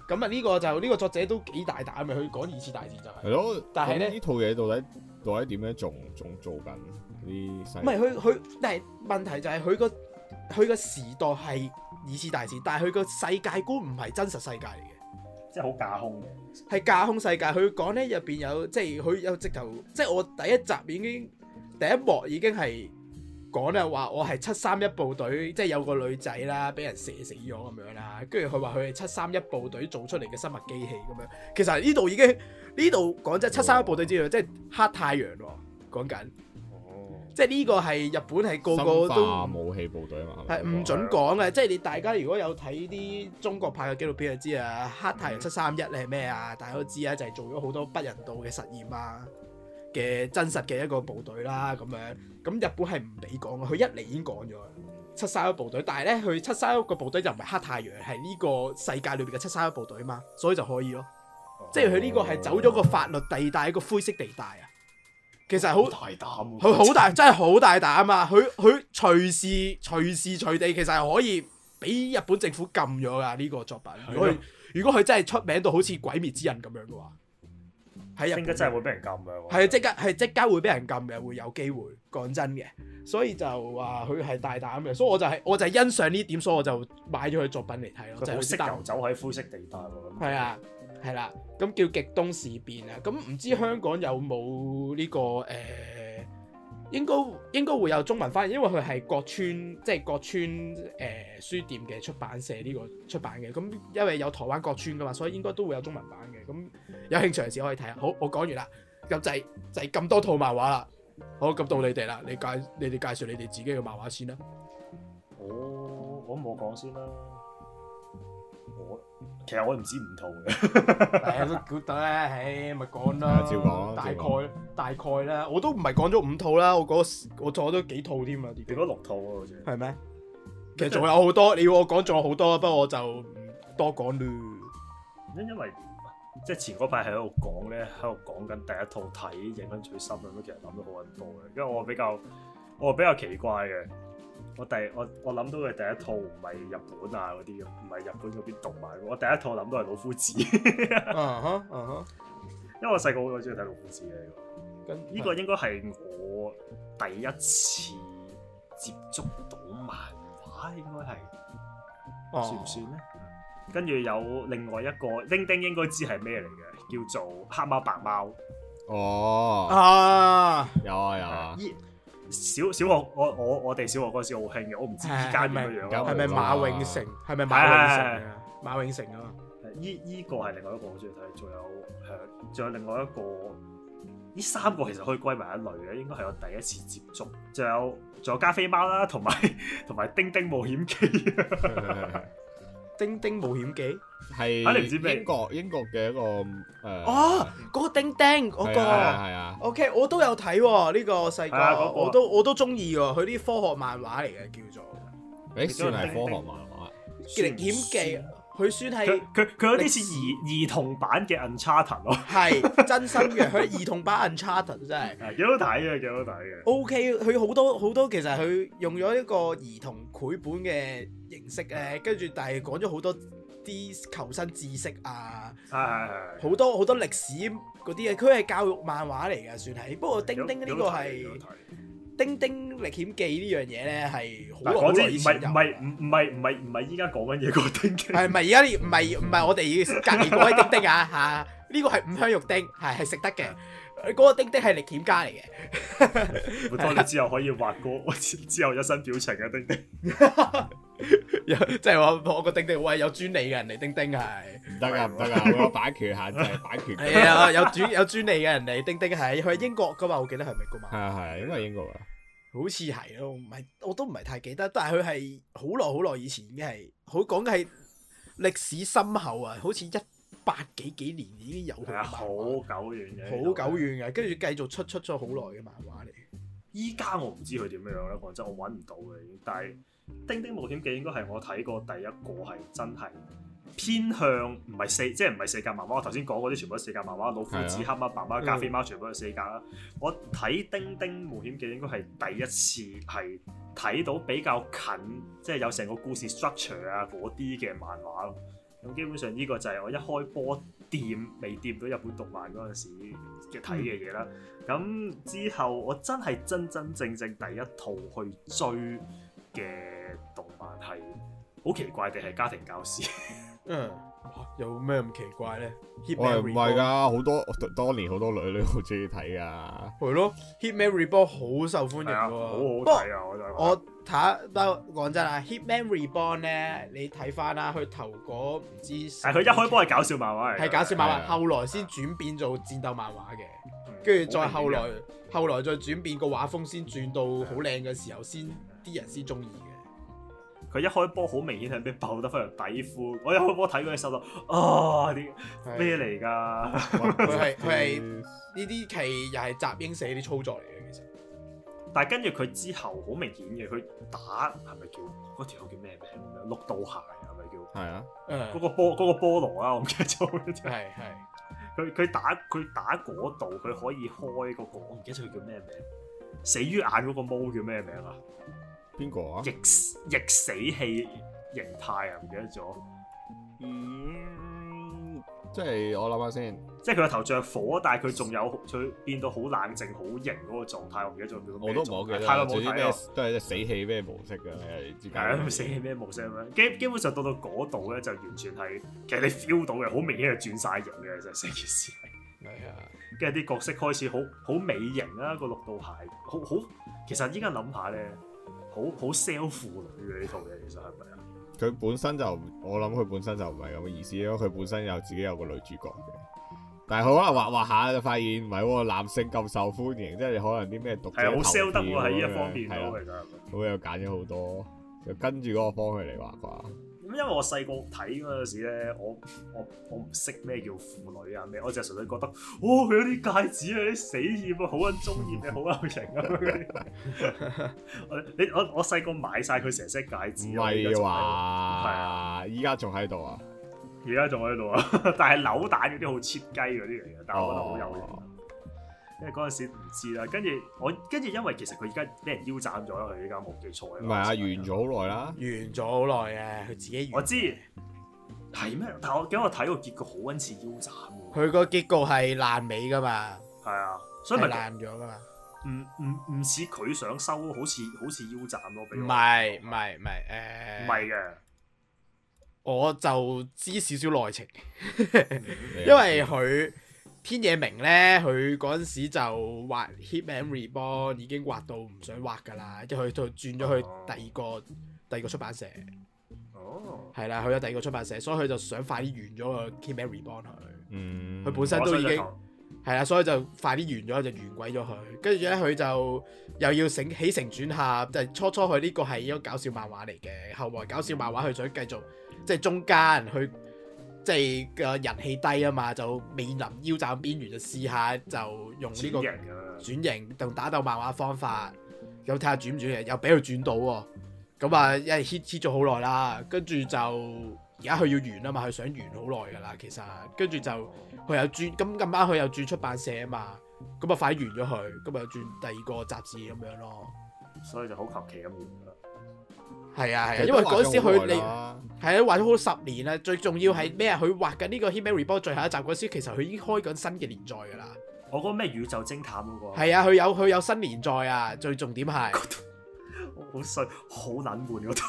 咁啊呢個就呢個作者都幾大膽，咪佢講二次大戰就係。係咯，但係咧呢套嘢到底到底點樣仲仲做緊？唔係佢佢，但係問題就係佢個佢個時代係二次大戰，但係佢個世界觀唔係真實世界嚟嘅，即係好架空嘅。係架空世界，佢講咧入邊有，即係佢有直頭，即係我第一集已經第一幕已經係講咧，話我係七三一部隊，即係有個女仔啦，俾人射死咗咁樣啦，跟住佢話佢係七三一部隊做出嚟嘅生物機器咁樣。其實呢度已經呢度講真係七三一部隊之類，即係黑太陽咯、啊，講緊。即係呢個係日本係個個都生化武器部隊啊嘛，係唔準講嘅。嗯、即係你大家如果有睇啲中國派嘅紀錄片就知啊，黑太陽七三一係咩啊？大家都知啊，就係、是、做咗好多不人道嘅實驗啊嘅真實嘅一個部隊啦、啊、咁樣。咁、嗯、日本係唔俾講嘅，佢一嚟已經講咗七三一部隊，但係咧佢七三一個部隊就唔係黑太陽，係呢個世界裏邊嘅七三一部隊啊嘛，所以就可以咯。即係佢呢個係走咗個法律地帶，一個灰色地帶啊。其實好大膽，佢好大，真係好大膽啊！佢佢隨時隨時隨地，其實係可以俾日本政府禁咗噶呢個作品。如果如果佢真係出名到好似《鬼滅之刃》咁樣嘅話，係應該真係會俾人禁嘅。係即刻係即刻會俾人禁嘅，會有機會。講真嘅，所以就話佢係大膽嘅，所以我就係我就係、係、欣賞呢點，所以我就買咗佢作品嚟睇咯。佢好識遊走喺灰色地帶喎。係啊的。的係啦，咁叫極東事變啊！咁唔知香港有冇呢、這個誒、呃，應該應該會有中文翻譯，因為佢係各村，即係各村誒、呃、書店嘅出版社呢個出版嘅。咁因為有台灣各村噶嘛，所以應該都會有中文版嘅。咁有興趣嘅時可以睇下。好，我講完啦，咁就係、是、就係、是、咁多套漫畫啦。好，咁到你哋啦，你介你哋介紹你哋自己嘅漫畫先啦。好，我冇講先啦。我其實我唔知五套嘅，係啊，估到咧，唉，咪講啦，照講，大概大概啦，我都唔係講咗五套啦，我嗰我坐咗幾套添啊，變咗六套啊，好似係咩？其實仲有好多，你要我講仲有好多，不過我就唔多講啦。因因為即係前嗰排係喺度講咧，喺度講緊第一套睇影響最深咁樣，其實諗咗好撚多嘅，因為我比較我比較奇怪嘅。我第我我諗到嘅第一套唔係日本啊嗰啲，唔係日本嗰啲動漫。我第一套諗到係《老夫子》。嗯哼，嗯哼。因為我細個好鬼中意睇《老夫子》嘅依個。依個應該係我第一次接觸到漫畫，應該係算唔算咧？跟住有另外一個，丁丁應該知係咩嚟嘅，叫做《黑貓白貓》。哦，啊，有啊有啊。小小學我我我哋小學嗰時好興嘅，我唔知依家點樣。係咪？係咪馬永成？係咪馬永成？係係馬永成啊嘛。依依個係另外一個我中意睇，仲有仲有另外一個。呢三個其實可以歸埋一類嘅，應該係我第一次接觸。仲有仲有加菲貓啦，同埋同埋丁丁冒險記。 係係係係丁丁冒險記》係英國英國嘅一個誒，哦，嗰個丁丁嗰個、啊啊，OK，我都有睇喎、哦，呢、這個世界、啊那個、我都我都中意喎，佢啲科學漫畫嚟嘅叫做，誒算係科學漫畫，叮叮《冒險記》輸輸。佢書係佢佢有啲似兒兒童版嘅 《Uncharted》咯，係真心嘅，佢兒童版《Uncharted》真係幾好睇嘅，幾好睇嘅。OK，佢好多好多其實佢用咗一個兒童繪本嘅形式咧，跟住但係講咗好多啲求生知識啊，係係係，好多好多歷史嗰啲嘢。佢係教育漫畫嚟嘅，算係。不過叮叮呢個係。丁丁歷險記呢樣嘢咧，係好耐以前有，唔係唔係唔係唔係唔係依家講緊嘢個丁丁，係咪？ 而家唔係唔係我哋要隔離嗰啲丁丁啊嚇，呢個係五香肉丁，係係食得嘅。 嗰個丁丁係歷險家嚟嘅，唔通你之後可以畫歌，之後一身表情嘅、啊、丁，丁， 丁丁，即係話我個丁丁，喂有專利嘅人嚟，丁丁係唔得啊唔得啊，個 版權限制版權係啊， 有專有專利嘅人嚟， 丁丁係佢係英國噶嘛？我記得係美國嘛？係啊係，應該係英國啊，好似係咯，唔係我都唔係太記得，但係佢係好耐好耐以前嘅係，佢講嘅係歷史深厚啊，好似一。八幾幾年已經有係啊，好久遠嘅，好久遠嘅，跟住繼續出出咗好耐嘅漫畫嚟。依家我唔知佢點樣啦，講真、嗯、我揾唔到嘅，但係《丁丁冒險記》應該係我睇過第一個係真係偏向唔係四，即係唔係四格漫畫。我頭先講嗰啲全部都四格漫畫，老夫子、紙黑啊、黑爸爸、加菲貓全部都四格啦。我睇《丁丁冒險記》應該係第一次係睇到比較近，即、就、係、是、有成個故事 structure 啊嗰啲嘅漫畫。基本上呢個就係我一開波掂未掂到日本動漫嗰陣時嘅睇嘅嘢啦。咁、嗯、之後我真係真真正正第一套去追嘅動漫係好奇怪嘅係《家庭教師》。嗯。 有咩咁奇怪咧？Hitman Reborn，我唔係噶，好多我多年好多女女好中意睇噶，係咯。Hitman Reborn 好受歡迎喎，好好睇啊！不我，對我真我睇下，得，講真、嗯、啊 Hitman Reborn 咧，你睇翻啦，佢頭嗰唔知，但佢一開波係搞笑漫畫，係搞笑漫畫，對對對，後來先轉變做戰鬥漫畫嘅，跟住、嗯、再後來，後來再轉變個畫風，先轉到好靚嘅時候，先啲人先中意。佢一開波好明顯係俾爆得非常底褲，我一開波睇佢嘅手就，啊啲咩嚟㗎？佢係佢係呢啲棋又係集英社啲操作嚟嘅其實。但係跟住佢之後好明顯嘅，佢打係咪叫嗰條叫咩名？綠道鞋係咪叫？係啊，嗰的個波嗰的、嗰個、菠蘿啊，我唔記得咗。係係，佢佢打佢打嗰度，佢可以開、個我唔記得咗佢叫咩名，死於眼嗰個毛叫咩名啊？邊個啊？逆逆死氣形態啊？唔記得咗。嗯，即係我諗下先。即係佢個頭着火，但係佢仲有，佢變到好冷靜、好型嗰個狀態，我唔記得咗叫咩。我都冇記得。太冇睇，都係死氣咩模式噶，係。係啊，死氣咩模式咁樣？基基本上到到嗰度咧，就完全係，其實你 feel 到嘅，好明顯係轉晒型嘅，就成件事。係啊。跟住啲角色開始好好美型啊，個綠道鞋，好好。其實依家諗下咧。好好 sell 婦女嘅呢套嘢，其實係咪啊？佢本身，就我諗佢本身就唔係咁嘅意思，因為佢本身有自己有個女主角嘅，但係佢可能畫畫下就發現唔係喎，男性咁受歡迎，即係可能啲咩好 sell 讀得投啲咁樣，係啦、那個，咁佢又揀咗好多，就跟住嗰個方向嚟畫啩。咁因為我細個睇嗰陣時咧，我我我唔識咩叫婦女啊咩，我就純粹覺得，哇佢嗰啲戒指啊啲死厭啊，好欣中意你好有型啊咁樣。 你我我細個買晒佢成 set 戒指。咪話，依家仲喺度啊？而家仲喺度啊？ 但係扭蛋嗰啲好切雞嗰啲嚟嘅，哦、但係我覺得好有型啊。即係嗰陣時唔知啦，跟住我跟住，因為其實佢而家俾人腰斬咗佢而家冇記錯。唔係啊，完咗好耐啦，完咗好耐啊，佢自己完。完我知係咩？但係我點解我睇個結局好撚似腰斬？佢個結局係爛尾噶嘛？係啊，所以咪爛咗噶嘛？唔唔唔似佢想收，好似好似腰斬咯，俾唔係唔係唔係誒？唔係嘅，呃、我就知少少內情， 因為佢。天野明咧，佢嗰陣時就畫《Hitman Reborn》已經畫到唔想畫㗎啦，即佢就轉咗去第二個第二個出版社。哦。係啦，去咗第二個出版社，所以佢就想快啲完咗個《Hitman Reborn》佢。嗯。佢本身都已經係啦，所以就快啲完咗就完鬼咗佢。跟住咧，佢就又要醒起承轉合，即係初初佢呢個係一個搞笑漫畫嚟嘅，後來搞笑漫畫佢想繼續即係中間去。即係個人氣低啊嘛，就未能腰站邊緣就試下就用呢個轉型同打鬥漫畫方法，又睇下轉唔轉型，又俾佢轉到喎。咁、嗯、啊，因係 h e t 咗好耐啦，跟住就而家佢要完啊嘛，佢想完好耐噶啦，其實跟住就佢又轉，咁咁啱佢又轉出版社啊嘛，咁啊快完咗佢，咁啊又轉第二個雜誌咁樣咯，所以就好求其咁完。係啊，啊。因為嗰時佢你係啊，畫咗好十年啦。最重要係咩啊？佢、嗯、畫緊呢個《h e m a Report》最後一集嗰時，其實佢已經開緊新嘅年載噶啦。我講咩宇宙偵探嗰、那個？係啊，佢有佢有新年載啊！最重點係， 我好衰，好冷門嗰套。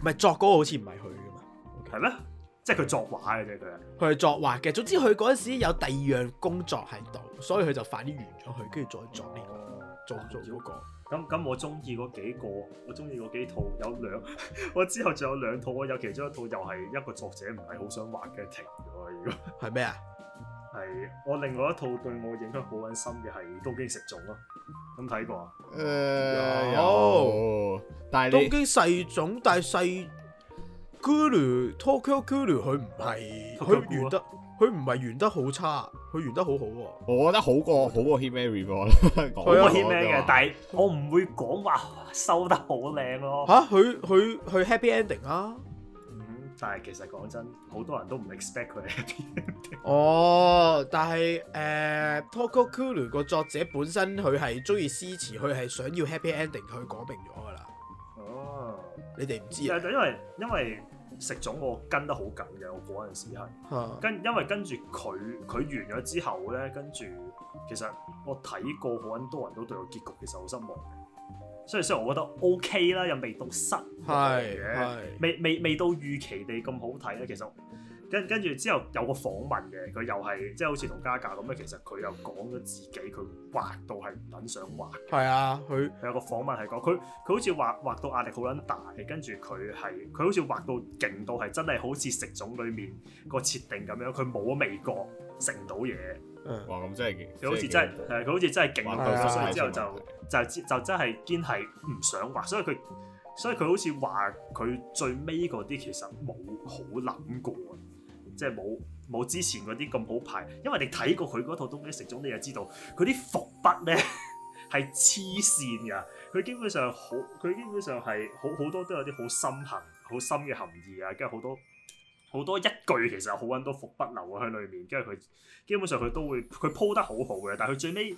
唔 係作歌好似唔係佢噶嘛？係咩嗎？Okay. 即係佢作畫嘅啫，佢。佢係作畫嘅。總之佢嗰陣時有第二樣工作喺度，所以佢就快啲完咗佢，跟住再作呢、這個，嗯嗯、做做嗰、那個。嗯嗯嗯嗯咁咁我中意嗰幾個，我中意嗰幾套有兩，我之後仲有兩套，我有其中一套又係一個作者唔係好想畫嘅停咗，如果係咩啊？係我另外一套對我影響好揾深嘅係東京食種咯。有冇睇過啊？誒有，但係東京細種，但係細 Ghoul Tokyo Ghoul 佢唔係佢完得。佢唔係完得好差，佢完得好好喎啊。我覺得好過好過《Himary》咯。佢有《Himary》嘅，但係我唔會講話收得好靚咯。吓，佢佢佢 Happy Ending 啊？ 啊 End 啊嗯，但係其實講真，好多人都唔 expect 佢 Happy Ending。哦，但係誒，呃《Tokyo Ghoul》個作者本身佢係中意詩詞，佢係想要 Happy Ending，佢講明咗噶啦。哦，你哋唔知啊？因為因為。食種我跟得好緊嘅，我嗰陣時係、嗯、跟，因為跟住佢佢完咗之後咧，跟住其實我睇過好多人都對個結局其實好失望嘅，所以雖然我覺得 OK 啦，又未到失望嘅，未未未到預期地咁好睇咧其實。跟跟住之後有個訪問嘅，佢又係即係好似同嘉嘉咁咧。其實佢又講咗自己，佢畫到係唔撚想畫。係啊，佢有個訪問係講佢佢好似畫畫到壓力好撚大，跟住佢係佢好似畫到勁到係真係好似食種裡面個設定咁樣，佢冇味覺食唔到嘢、啊。嗯，哇！咁真係佢好似真係佢好似真係勁到，所以之後就、啊、就、啊、就，就，就，就真係堅係唔想畫。所以佢所以佢好似話佢最尾嗰啲其實冇好諗過。即係冇冇之前嗰啲咁好排，因為你睇過佢嗰套《東京喰種》，你就知道佢啲伏筆咧係黐線㗎。佢 基本上好，佢基本上係好好多都有啲好深層、好深嘅含義啊。跟住好多好多一句其實好撚多伏筆留喺裏面。跟住佢基本上佢都會佢鋪得好好嘅，但係佢最尾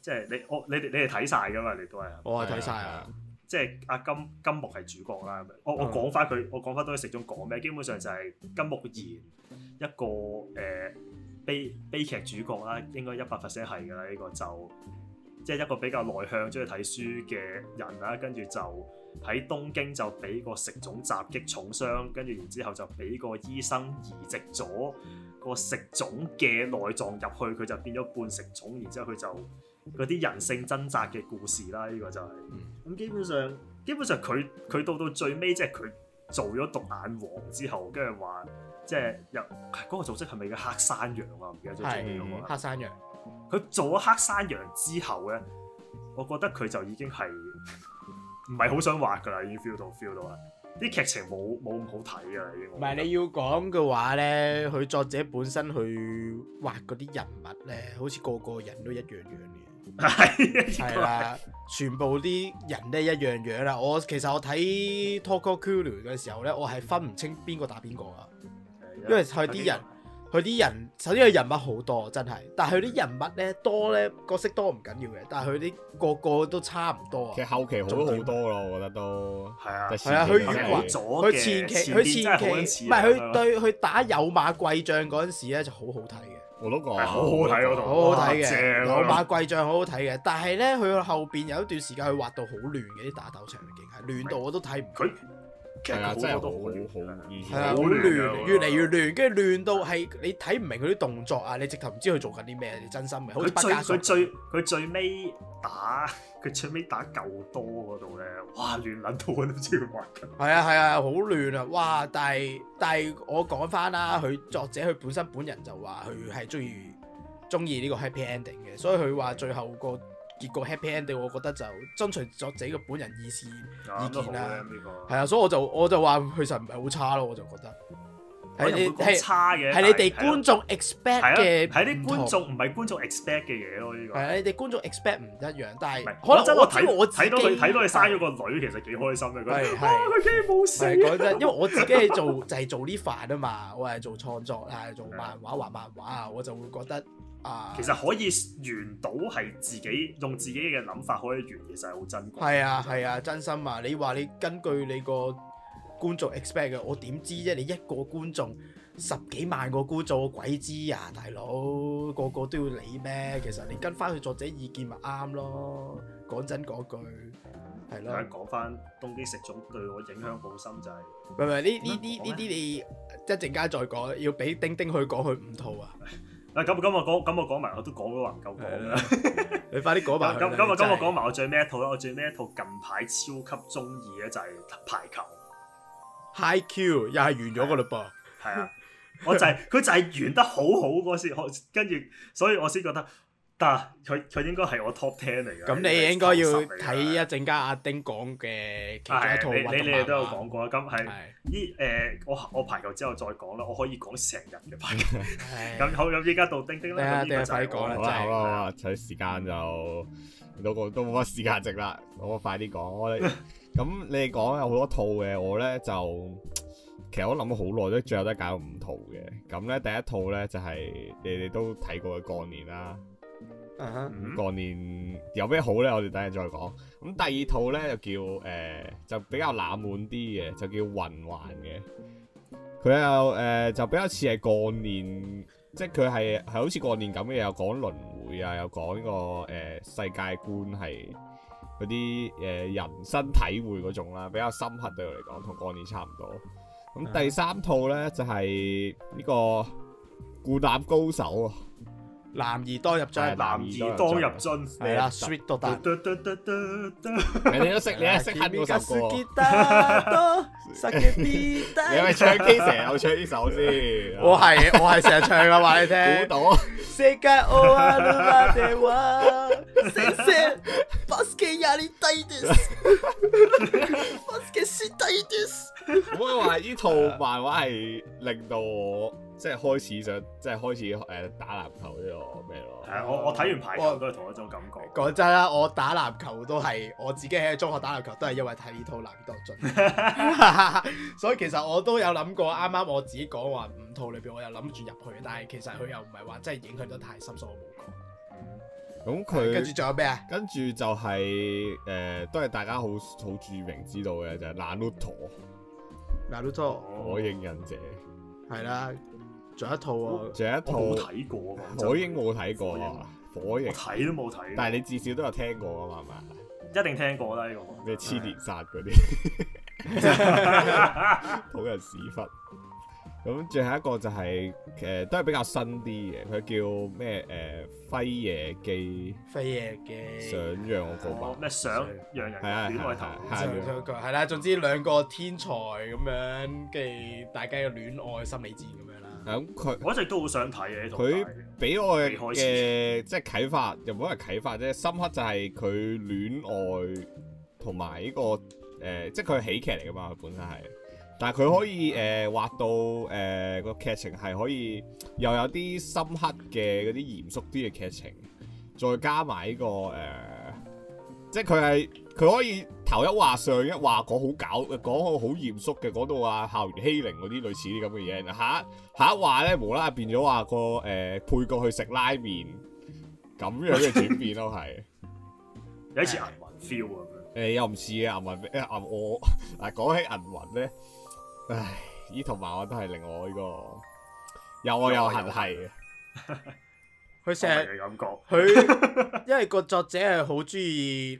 即係你我你哋你哋睇晒㗎嘛？你都係我係睇晒啊！ 即係阿金金木係主角啦，我我講翻佢，我講翻都食種講咩？基本上就係金木研一個誒、呃、悲悲劇主角啦，應該一百 percent 係㗎啦，呢、這個就即係、就是、一個比較內向、中意睇書嘅人啦，跟住就喺東京就俾個食種襲擊重傷，跟住然之後就俾個醫生移植咗個食種嘅內臟入去，佢就變咗半食種，然之後佢就。嗰啲人性掙扎嘅故事啦，呢、這個就係、是、咁。嗯、基本上，基本上佢佢到到最尾，即係佢做咗獨眼王之後，跟住話，即係入嗰個組織係咪叫黑山羊啊？唔記得咗是黑山羊，佢做咗黑山羊之後咧，我覺得佢就已經係唔係好想畫噶啦，已經 feel 到 feel 到啦。啲劇情冇冇咁好睇啊！唔係不你要講嘅話咧，佢、嗯、作者本身去畫嗰啲人物咧，好似個個人都一樣樣嘅，係啦，全部啲人都一樣樣啦。我其實我睇《Taco Kula》嘅時候咧，我係分唔清邊個打邊個啊，okay, yeah, 因為佢啲人。Okay. 佢啲人，首先佢人物好多，真係。但係佢啲人物咧多咧，角色多唔緊要嘅。但係佢啲個個都差唔多啊。其實後期好好多咯，我覺得都係啊。係啊，佢畫咗，佢前期佢前期唔係佢對佢打有馬貴將嗰陣時咧就好好睇嘅。我都講好好睇，我同好好睇嘅有馬貴將好好睇嘅。但係咧，佢後邊有一段時間佢畫到好亂嘅，啲打鬥場景係亂到我都睇唔。.係啊，的真係都好好意思。係啊的，好亂，的乖越嚟越亂，跟住亂到係你睇唔明佢啲動作啊，你直頭唔知佢做緊啲咩，你真心嘅。好似佢最佢最佢最，最尾打佢最尾打夠多嗰度咧，哇，亂到我都唔知佢畫緊。係啊係啊，好亂啊！哇，但係但係我講翻啦，佢作者佢本身本人就話佢係中意中意呢個 happy ending 嘅，所以佢話最後個。結果 happy ending，我覺得就遵循作者嘅本人意思意見啦，呢個係啊，所以我就我就話其實唔係好差咯，我就覺得，我唔會講差嘅，係你哋觀眾 expect 嘅，係啲觀眾唔係觀眾 expect 嘅嘢咯，呢個係你哋觀眾 expect 唔一樣，但係，可能真我睇我睇到佢睇到佢生咗個女，其實幾開心嘅，佢係冇事，講真，因為我自己係做就係做呢份啊嘛，我係做創作啊，做漫畫畫漫畫啊，我就會覺得。啊、其實可以完到係自己用自己嘅諗法可以完，其實係好真。係啊係啊，真心啊！你話你根據你個觀眾 expect 嘅，我點知啫？你一個觀眾十幾萬個觀眾，鬼知啊！大佬個個都要理咩？其實你跟翻佢作者意見咪啱咯？講真嗰句係咯。講翻、啊、東京食種對我影響好深，就係，就係唔係呢？呢啲呢啲你即係陣間再講，要俾丁丁去講佢五套啊！ 啊，咁咁我講，咁我講埋，我都講咗話唔夠講啦。你快啲講埋。咁咁我咁我講埋我最咩一套啦？我最咩一套近排超級中意嘅就係、是、排球。High Q 又係完咗個嘞噃。係啊，啊嗯嗯、 我就係、是、佢就係完得好好嗰時，跟住所，所以我先覺得。啊！佢佢應該係我 top ten 嚟嘅。咁你應該要睇一陣間阿丁講嘅其他一套。係你你哋都有講過啊。咁係依誒，我我排球之後再講啦。我可以講成日嘅排球。係咁好咁，依家到丁丁咧。誒，我哋快講啦，好啦，睇時間就都個都冇乜時間剩啦。我快啲講我。咁你哋講有好多套嘅，我咧就其實我諗咗好耐，即係最後都揀咗五套嘅。咁咧第一套咧就係你哋都睇過嘅過年啦。啊哈、嗯！過年有咩好呢？我哋等陣再講。咁第二套呢，就叫誒、呃，就比較冷門啲嘅，就叫《魂環》嘅。佢又誒就比較似係過年，即係佢係係好似過年咁嘅，又講輪迴啊，又講呢個誒、呃、世界觀係嗰啲誒人生體會嗰種啦，比較深刻，對我嚟講，同過年差唔多。咁第三套呢，就係、是、呢個《灌籃高手》啊。男兒當入樽，男兒當入樽，係啦，sweet 都得，你都識，你係識係邊首歌？你咪唱 K 成日唱呢首先，我係我係成日唱㗎，話你聽。我話呢套漫畫係令到我。即係開始想，即係開始誒打籃球呢個咩咯？係啊，以我我睇完排球都係同一種感覺。講真啦，我打籃球都係我自己喺中學打籃球都係因為睇呢套進《南多進》，所以其實我都有諗過，啱啱我自己講話五套裏邊，我又諗住入去，但係其實佢又唔係話真係影響得太深所以我冇講。咁佢跟住仲有咩啊？跟住就係、是、誒、呃，都係大家好好著名知道嘅就係、是《南禿陀》，《南禿陀》火影忍者係啦。仲有一套啊！仲有一套，我冇睇過啊，我已經冇睇過啊，火影睇都冇睇。但係你至少都有聽過啊嘛，係咪？一定聽過啦，呢個咩痴連殺嗰啲，討人屎忽。咁最後一個就係誒，都係比較新啲嘅，佢叫咩誒？輝夜姬，輝夜姬，想讓我過吧？咩想讓人係啊係啊，開頭係啦，總之兩個天才咁樣，跟住大家嘅戀愛心理戰咁樣。咁佢、嗯、我一直都好想睇嘅、啊，佢俾是我嘅始即係啟發，又冇人啟發啫。深刻就係佢戀愛同埋呢個誒、呃，即係佢係喜劇嚟噶嘛，佢本身係。但係佢可以誒、呃、畫到誒、呃那個劇情係可以又有啲深刻嘅嗰啲嚴肅啲嘅劇情，再加埋呢、這個誒。呃即係佢係佢可以頭一話上一話講好搞，講個好嚴肅嘅，講到話校園欺凌嗰啲類似啲咁嘅嘢，吓吓話咧無啦啦變咗話個誒配角去食拉麵，咁樣嘅轉變都係有一次銀魂 feel 咁樣，誒又唔似嘅銀魂誒銀我嗱講起銀魂咧，唉呢套漫我都係另外一個，又愛又恨係。佢成日佢因為個作者係好中意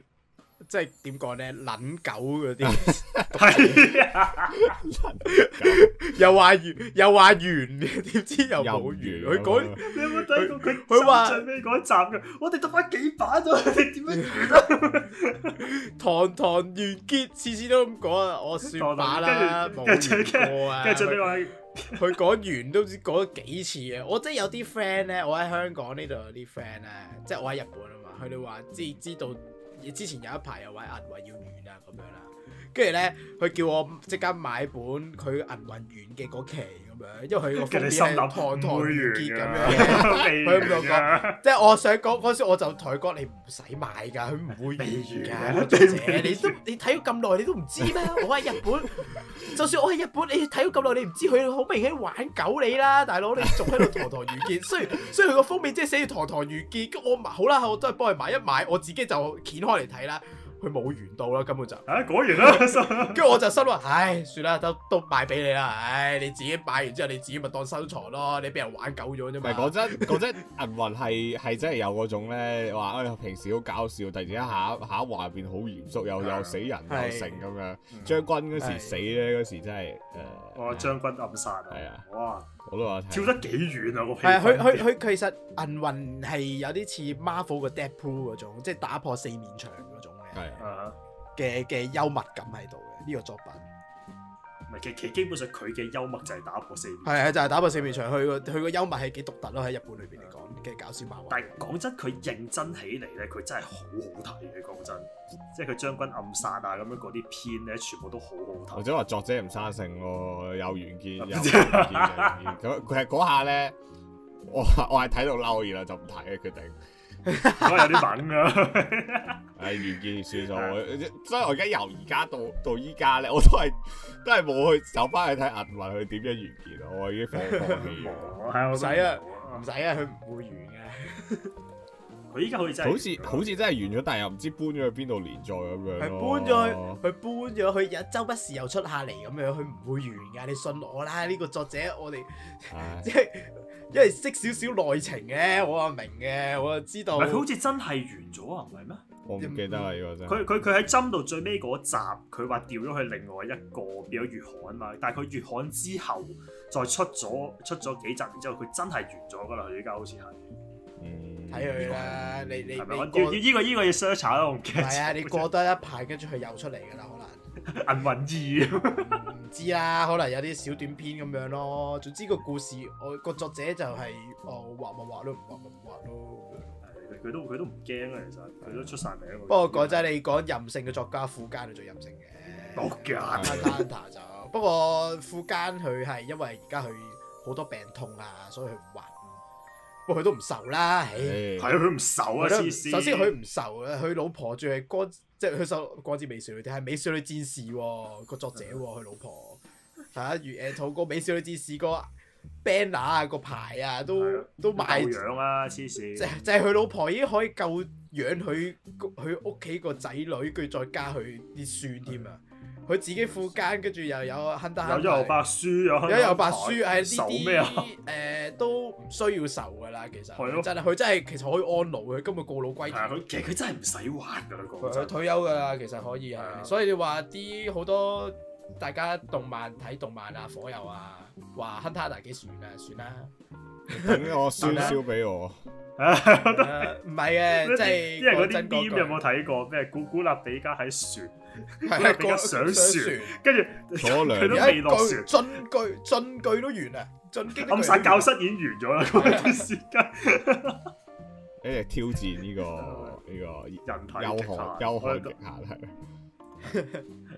即係點講咧，捻狗嗰啲，又話完又話完，點知又冇完？佢講你有冇睇過佢？佢話最尾嗰集，我哋得翻幾版咋，你點樣完啦？堂堂完結，次次都咁講啊！我算罷啦，冇錯嘅，跟住你話？佢講完都知講咗幾次啊！我真係有啲 friend 咧，我喺香港呢度有啲 friend 咧，即係我喺日本啊嘛，佢哋話知知道之前有一排有話銀魂要完啊咁樣啦，跟住咧佢叫我即刻買本佢銀魂完嘅嗰期。因為佢個封面《堂堂完結》咁樣、啊，佢咁樣講，即係我想講嗰時我就同佢講你唔使買噶，佢唔會完㗎。未完、啊。你都你睇咗咁耐，你都唔知咩？ 我喺日本，就算我喺日本，你睇咗咁耐，你唔知佢好明顯玩狗你啦，大佬！你仲喺度《堂堂完結》，雖然雖然佢個封面即係寫住《堂堂完結》，咁我好啦，我都係幫佢買一買，我自己就掀開嚟睇啦。佢冇完到啦，根本就啊，果然啦，跟住 我就心話：唉，算啦，都都賣俾你啦，唉，你自己買完之後，你自己咪當收藏咯，你俾人玩夠咗啫嘛。唔係講真，講 真，真銀魂係係真係有嗰種咧，話唉，平時好搞笑，突然之一下下一話入邊好嚴肅，又、啊、又死人、啊、又成咁樣。將軍嗰時死咧嗰時真係誒，哇、啊！將軍暗殺係啊！哇！我都話跳得幾遠啊！佢佢佢其實銀魂係有啲似 Marvel 個 Deadpool 嗰種，即、就、係、是、打破四面牆。係啊嘅嘅幽默感喺度嘅呢個作品，係其其實基本上佢嘅幽默就係打破四面係啊，就係、是、打破四面牆去個去個幽默係幾獨特咯，喺日本裏邊嚟講嘅搞笑漫畫。但係講真，佢認真起嚟咧，佢真係好好睇嘅。講真，即係佢將軍暗殺啊咁樣嗰啲片咧，全部都好好睇。或者話作者唔生性，有有遠見，有遠見。嗰下咧，我我係睇到嬲而啦，就唔睇嘅決定。 都有啲煩咁樣，唉，完結算數。 所以我而家由而家到到依家咧，我都係都係冇去走翻去睇銀幕去點樣完結，我已經放咗。唔使啊，唔使啊，佢唔會完嘅。佢依家可以好似像好似真係完咗。 但係又唔知搬咗去邊度連載咁樣。佢搬咗去，佢搬咗去，一周不時又出下嚟咁樣，佢唔會完噶。你信我啦，呢個作者，我哋即係。 因為識少少內情嘅，我啊明嘅，我啊知道。佢好似真係完咗啊？唔係咩？我唔記得啦，如果佢佢佢喺 Jump 度最尾嗰集，佢話掉咗去另外一個，變咗月刊嘛。但係佢月刊之後，再出咗出咗幾集，之後佢真係完咗噶、嗯、啦。佢依家好似係。睇佢啦，你你你過。要呢依個依個要 search 下咯。係、這個這個、啊，你過多一排，跟住佢又出嚟噶啦。嗯。隱隱之唔知啦，可能有啲小短篇咁樣咯。總之個故事，我個作者就係、是、哦畫畫都畫,都畫,都畫咯，畫畫畫咯。佢都佢都唔驚啊，其實佢都出晒名。不過講真，你講任性嘅作家富奸係最任性嘅。我就不過富奸佢係因為而家佢好多病痛啊，所以佢唔畫。不過佢都唔愁啦，係啊，佢唔愁啊首先佢唔愁啊，佢老婆仲係即係佢首《光之美少女》係《美少女戰士》個作者，佢 老婆係 啊，如誒做 個《美少女戰士啊》個 banner 啊個牌啊， 都都賣夠啊啦！黐線，就就係佢老婆已經可以夠養佢佢屋企個仔女，佢再加佢啲孫添啊！ 佢自己附近，跟住又有 Hunter 又有幽遊白書，又有白書，係呢啲誒都唔需要愁噶啦。其實係咯，真係佢真係其實可以安老，佢根本過老歸。其實佢真係唔使玩㗎，佢講真。退休㗎啦，其實可以係。所以你話啲好多大家動漫睇動漫啊、火遊啊，話 Hunter 幾算啊？算啦，頂我燒燒俾我。唔係嘅，即係因為嗰啲 M 有冇睇過咩？古古拉比加喺船。佢係 比較上船，跟住坐，佢都未落船。進 句，進句都完啦，暗殺教室演完咗啦嗰段時間。誒， 挑戰呢、呢個呢、 哦呢個人體極限，人體極限係。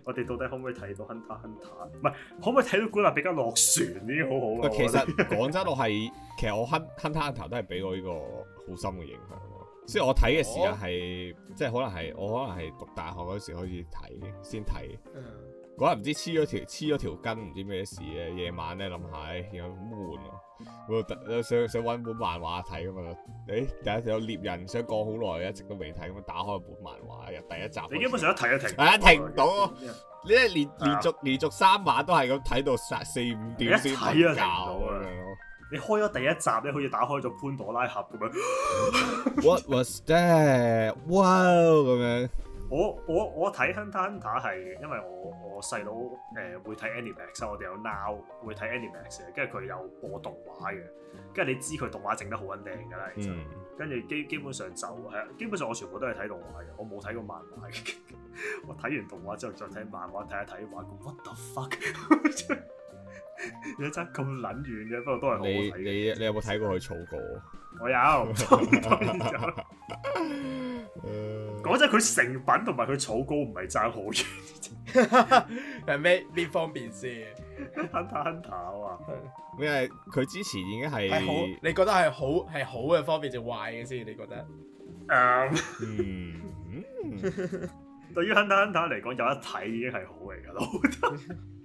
我哋我到底可唔可以睇到 Hunter Hunter 唔係，可唔可以睇到古立比較落船？呢個好好。其實廣州路係，其實我 Hunter Hunter 都係俾我呢個好深嘅影響。即係我睇嘅時間係，即係可能係我可能係讀大學嗰時開始睇，先睇。嗯。嗰日唔知黐咗條黐咗條筋，唔知咩事啊！夜晚咧諗下，哎，又悶咯，我想想揾本漫畫睇咁嘛。哎、欸，突然有獵人想過好耐一直都未睇，咁啊打開本漫畫入第一集。你基本上一停就停。係啊，停唔到。啊啊、你一連連續,、啊、連,續連續三晚都係咁睇到十四五點先瞓覺。4, 你開咗第一集咧，好似打開咗潘多拉盒咁樣。 What was that? Wow！咁、like、樣。我我我睇《Hunter》係因為我我細佬誒會睇 Animax，我哋有 Now 會睇 Animax 嘅，跟住佢有播動畫嘅，跟住你知佢動畫整得好穩定㗎啦，其實、嗯。跟住基基本上就係基本上我全部都係睇動畫嘅，我冇睇過漫畫嘅。 我睇完動畫之後再睇漫畫，睇一睇話個 what the fuck？ 遠你真咁捻遠嘅，不過都係好睇。你你有冇睇過佢草稿？我有。講真，佢成品同埋佢草稿唔係爭好遠。係咩邊方面先？Hunter、Hunter 啊，係咩？係佢之前已經係好，你覺得係好？係好嘅方面就壞嘅先。你覺得？Hunter、um, 對於 Hunter Hunter 嚟講，有一睇已經係好嘅㗎喇。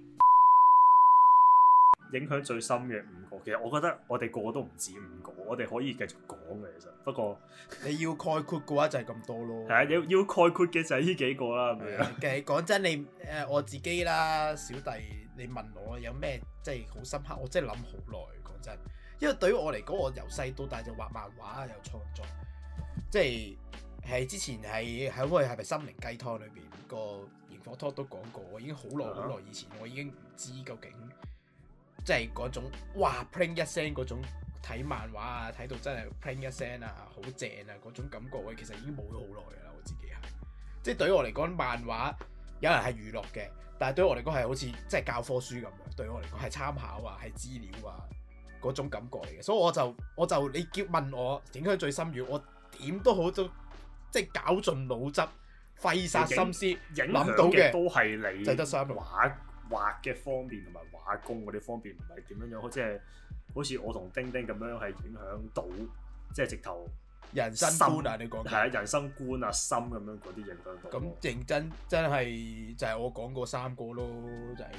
影響最深嘅五個，其實我覺得我哋個個都唔止五個，我哋可以繼續講嘅其實。不過你要概括嘅話就係咁多咯。係啊，你要概括嘅就係呢幾個啦，係咪啊？的其實講 真，你誒我自己啦，小弟，你問我有咩即係好深刻，我真係諗好耐。講真，因為對於我嚟講，我由細到大就畫漫畫又創作，即係係之前係喺個係咪《心靈雞湯》裏邊個《燃火 talk》都講過，已很久很久我已經好耐好耐以前，我已經唔知究竟。即係嗰種哇，plan 一聲嗰種睇漫畫啊，睇到真係 plan 一聲啊，好正啊嗰種感覺我其實已經冇咗好耐啦，我自己係即係對於我嚟講漫畫有人係娛樂嘅，但係對於我嚟講係好似即係教科書咁樣，對我嚟講係參考啊，係資料啊嗰種感覺嚟嘅，所以我就我就你就問我影響最深遠，我點都好都即係搞盡腦汁、費煞心思、諗到嘅都係你畫。畫嘅方面同埋畫工嗰啲方面唔係點樣樣，即係好似我同丁丁咁樣係影響到，即係直頭人生觀啊！你講係啊，人生觀啊、心咁樣嗰啲影響到。咁認真真係就係我講過三個咯，就係、係、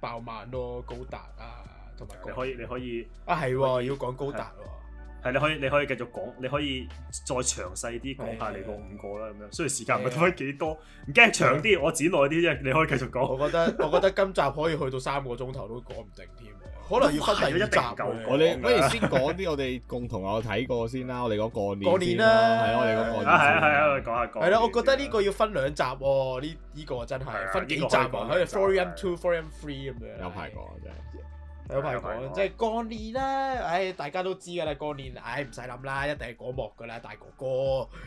爆漫咯、高達啊同埋。可以你可以，你可以啊，係、哦、以要講高達喎。係，你可以你可以繼續講，你可以再詳細啲講下你個五個啦咁樣。雖然時間唔得翻幾多，唔驚長啲，我剪耐啲啫。你可以繼續講。我覺得我覺得今集可以去到三個鐘頭都講唔定添。可能要分另一集。我哋不如先講啲我哋共同有睇過先啦。我哋講過年。過年啦，係我哋講過年。係講下講。係啦，我覺得呢個要分兩集喎。呢呢個真係分幾集？可以 Four M Two Four M Three 咁樣。有排講真係。有排講， 即係過年啦，唉，大家都知㗎啦。過年，唉，唔使諗啦，一定係嗰幕㗎啦，大哥哥。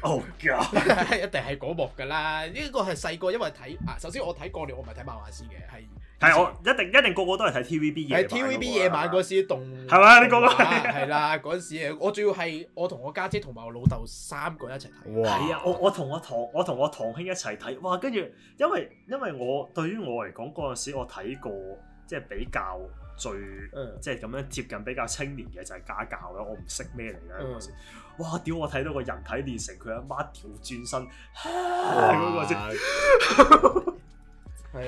Oh my God! 一定係嗰幕㗎啦。呢個係細個，因為睇啊。首先我睇過年，我唔係睇漫畫先嘅，係係對前我一定一定個個都係睇 TVB 嘅。係 TVB 夜晚嗰時動，係嘛？ 你講 啦。係啦，嗰陣時我主要係我同我家姐同埋我老豆三個一齊睇。哇！係 啊，我我同我堂我同我堂兄一齊睇，哇！跟住因為因為，因為我對於我嚟講嗰陣時，我睇過即係比較。最即係咁樣接近比較青年嘅就係家教啦，我唔識咩嚟嘅嗰時。哇！屌我睇到個人體煉成佢阿媽調轉身，係啊！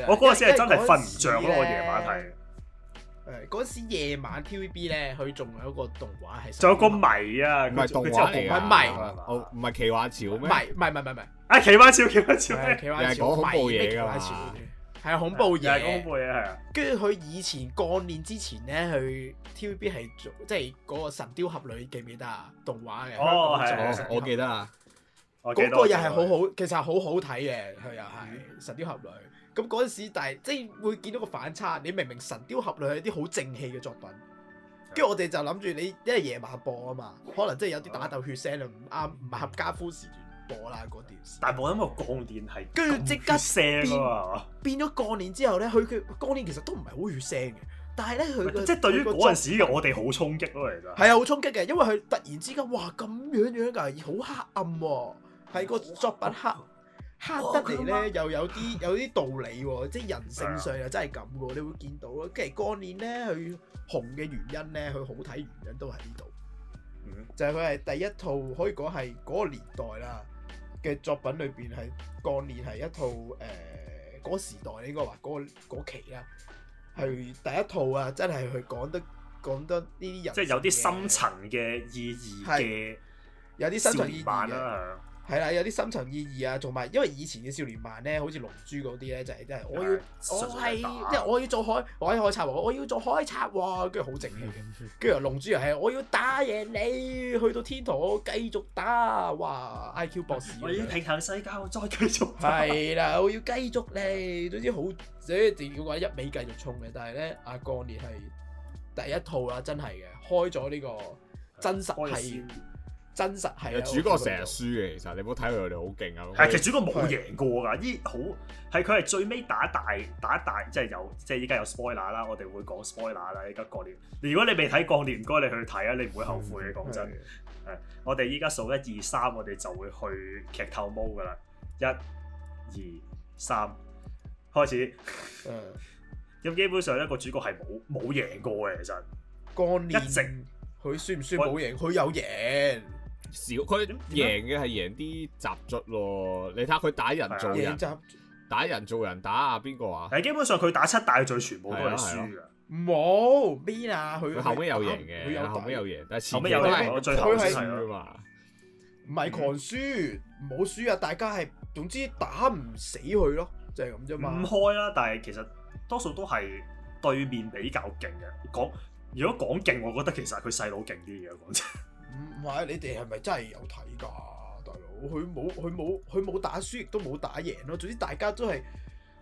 我嗰陣時係真係瞓唔着咯，我夜晚睇。嗰陣時夜晚 TVB 咧，佢仲有個動畫係，仲有個迷啊，唔係動畫，迷哦，唔係奇幻潮咩？迷唔係唔係唔係唔係啊！奇幻潮，奇幻潮，奇幻潮，講恐怖嘢㗎係恐怖嘢，係恐怖嘢，係啊！跟住佢以前幹練是之前咧，佢 TVB 係做即係嗰個《神鵰俠侶》，記唔記得啊？動畫嘅係，我記得啊，嗰個又係好好，其實好好睇嘅，佢又係《神鵰俠侶》嗯。咁嗰陣時，但係即係會見到個反差，你明明《神鵰俠侶》係啲好正氣嘅作品，跟住、哦、我哋就諗住你，因為夜晚播啊嘛，可能即係有啲打鬥血腥就唔啱，唔、嗯、合家歡事。播啦嗰段，但係我諗個過年係，跟住即刻聲啊嘛，變咗過年之後咧，佢佢過年其實都唔係好血腥嘅，但係咧佢即係對於嗰陣時嘅我哋好衝擊咯，其實係啊，好衝擊嘅，因為佢突然之間哇咁樣樣㗎，好黑暗喎、啊，係個作品黑黑，黑得嚟咧，又有啲有啲道理喎、啊，即係人性上又真係咁嘅，你會見到咯。其實過年咧，佢紅嘅原因咧，佢好睇原因都喺呢度，就係佢係第一套可以講係嗰個年代啦。嘅作品裏邊，係過年係一套誒嗰、呃、時代應該話嗰期啦，係第一套啊，真係去講得講得呢啲人，即係有啲深層嘅意義嘅，有啲深層意義嘅。係啦，有啲深層意義啊，同埋因為以前嘅少年漫咧，好似《龍珠》嗰啲咧，就係即係我要 yeah, 我係即係我要做海，嗯、我係海賊王，我要做海賊王，跟住好正氣，跟住《龍珠》又係我要打贏你，去到天堂我繼續打，哇！I Q 博士，我要劈頭世界我 再繼續打，係啦，我要繼續你，總之好即係點講，一味繼續衝嘅。但係咧，鋼鍊係第一套啦，真係嘅，開咗呢、呢個 yeah, 真實係。真實係，主角成日輸嘅。其實你冇睇佢哋好勁啊。係，其實主角冇贏過㗎。依好係佢係最尾打大打大，即係的、就是、有即係依家有 spoiler 啦。我哋會講 spoiler 啦。依家鋼煉，如果你未睇鋼煉唔該你去睇啊，你唔會後悔嘅。講真，誒的，我哋依家數一二三，我哋就會去劇透毛㗎啦。一、二、三開始。咁 基本上咧，個主角係冇冇贏過嘅，其實念。鋼煉。一直。佢算唔算冇贏？佢有贏。少佢贏嘅係贏啲雜卒咯，你睇下，佢打人做人，打人做人打啊邊個啊？誒，基本上佢打七大罪全部都係輸嘅，冇邊啊？佢後尾有贏嘅，佢有後尾有贏，但係前屘又係我最後輸佢嘛。唔係狂輸，唔好輸啊！大家係總之打唔死佢咯，就係咁啫嘛。唔開啦，但係其實多數都係對面比較勁嘅。講，如果講勁，我覺得其實佢細佬勁啲嘅，講真。 唔唔係，你哋係咪真係有睇㗎，大佬？佢冇佢冇佢冇打輸，亦都冇打贏咯。總之大家都係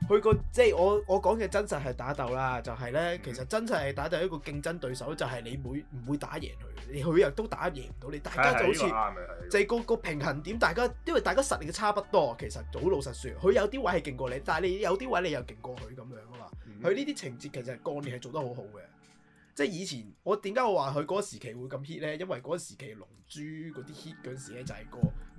佢、個即係、就係、我我講嘅真實係打鬥啦，就係、係、咧，嗯、哼其實真實係打鬥一個競爭對手，就係、係、你會唔會打贏佢，你佢又都打贏唔到你。大家就好似即係個個平衡點，大家因為大家實力嘅差不多，其實好老實説，佢有啲位係勁過你，但係你有啲位你又勁過佢咁樣啊嘛。佢呢啲情節其實概念係做得好好嘅。即係以前，我點解我話佢嗰時期會咁 hit 咧？因為嗰時期龍珠嗰啲 hit 嗰陣時咧，就係個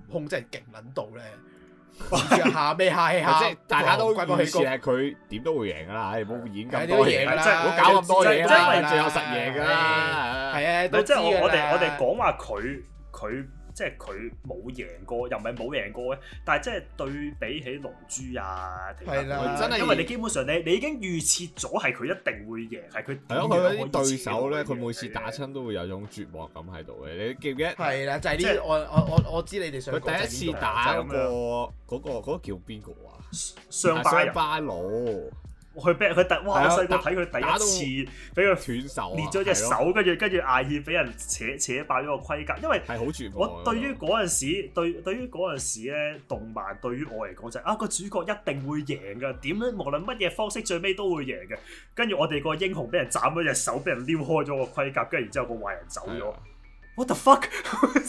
控制係勁撚到咧，下咩下氣下，下，下，下，下， 大家都貴國氣節咧，佢點都會贏噶啦，唉，冇演咁多嘢啦，冇搞咁多嘢即係因為啦，最後實嘢噶啦，係啊，即係我哋我哋講話佢佢。即係佢冇贏過，又唔係冇贏過嘅。但係即係對比起龍珠啊，係啦，真係。因為你基本上你你已經預設咗係佢一定會贏，係佢。係咯。佢對手咧，佢每次打親都會有種絕望感喺度嘅。你記唔記得？係啦，就係呢個，我我我我知你哋想講。佢第一次打過嗰個，嗰個叫邊個啊？拜巴魯。佢劈佢突哇！細個睇佢第一次俾佢斷手裂咗隻手，跟住跟住艾爾俾人扯扯爆咗個盔甲，因為係好絕望，我對於嗰陣時對對於嗰陣時咧動漫對於我嚟講就係、是、啊、個主角一定會贏㗎，點咧無論乜嘢方式最尾都會贏嘅。跟住我哋個英雄俾人斬咗隻手，俾人撩開咗個盔甲，跟住然之後個壞人走咗。的 What the fuck！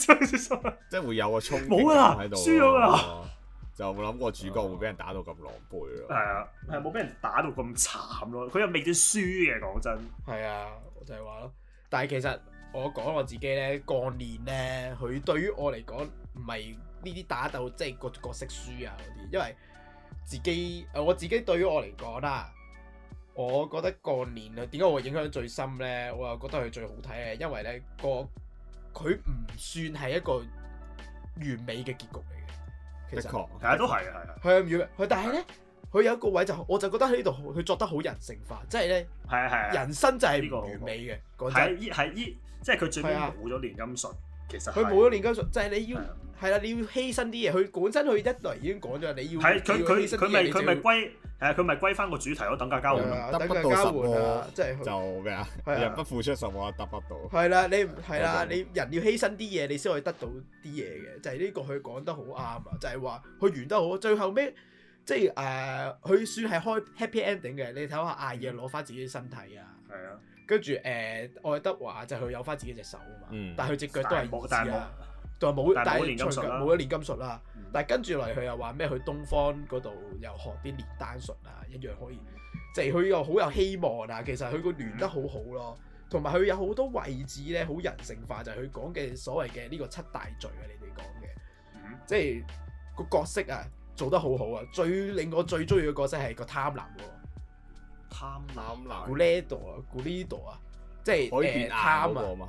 即係會有個衝擊喺度、啊，輸咗啦、啊。就冇諗過主角會俾人打到咁狼狽咯，係啊，係冇俾人打到咁慘咯。佢又未至輸嘅，講真。係啊，就係話咯。但係其實我講我自己咧，《鋼煉》咧，佢對於我嚟講唔係呢啲打鬥，即係個角色輸啊嗰啲，因為自己誒我自己對於我嚟講啦，我覺得《鋼煉》啊，點解我影響最深咧？我又覺得佢最好睇嘅，因為咧個佢唔算係一個完美嘅結局。其實，其實都係啊，係啊，佢唔完美，佢但係咧，佢有一個位就我就覺得喺呢度，佢作得好人性化，即係咧，係啊係啊，人生就係唔完美嘅，係依係依，即係佢最尾冇咗鍊金術，其實佢冇咗鍊金術，就係你要。係啦，你要犧牲啲嘢。佢本身佢一嚟已經講咗，你要犧牲啲嘢。佢咪佢咪歸誒佢咪歸翻個主題囉，等價交換，等價交換啊！即係就咩啊？人不付出什麼，得不到。係啦，你係啦，你人要犧牲啲嘢，你先可以得到啲嘢嘅。就係呢個佢講得好啱啊！就係話佢完得好，最後尾，即係誒，佢算係開 happy ending 嘅。你睇下，嗌嘢攞翻自己身體啊，係啊，跟住誒，愛德華就佢有翻自己隻手啊嘛，但係佢隻腳都係冇。就冇，但係冇咗煉金術啦。但係跟住嚟，佢又話咩？去東方嗰度又學啲煉丹術啊，一樣可以。即係佢又好有希望啊。其實佢個聯得好好咯，同埋佢有好多位置咧，好人性化。就係佢講嘅所謂嘅呢個七大罪啊，你哋講嘅，即係、嗯、個角色啊做得好好啊。最令我最鍾意嘅角色係個貪婪喎，貪婪男，Gulido 啊，Gulido 啊，即係貪啊嘛，係嘛，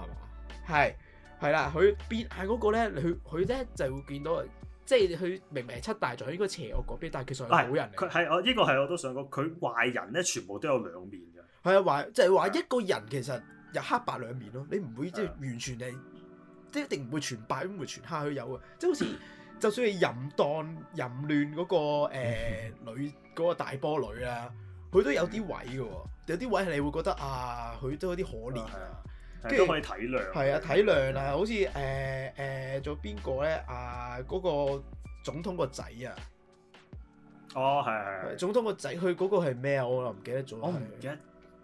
係。係啦，佢變態嗰個咧，佢佢咧就會見到，即係佢明明係七大罪應該邪惡嗰邊，但係其實係好人嚟、啊。佢係我依個係我都想過，佢壞人咧全部都有兩面嘅。係啊，壞即係話一個人其實有黑白兩面咯，你唔會即係完全你，對了 即係一定唔會全白，咁會全黑佢有啊。即係好似就算你淫蕩、淫亂嗰個、呃、 女嗰個大波女啊，佢都有啲位嘅，有啲位係你會覺得啊，佢都有啲可憐、啊。都可以體諒，係啊，體諒啊，好似誒誒，仲、呃呃、有邊個咧？啊，嗰、嗰個總統個仔啊，哦，係係係，總統個仔，佢嗰個係咩啊？我又唔記得咗，我唔、哦的哦、記得，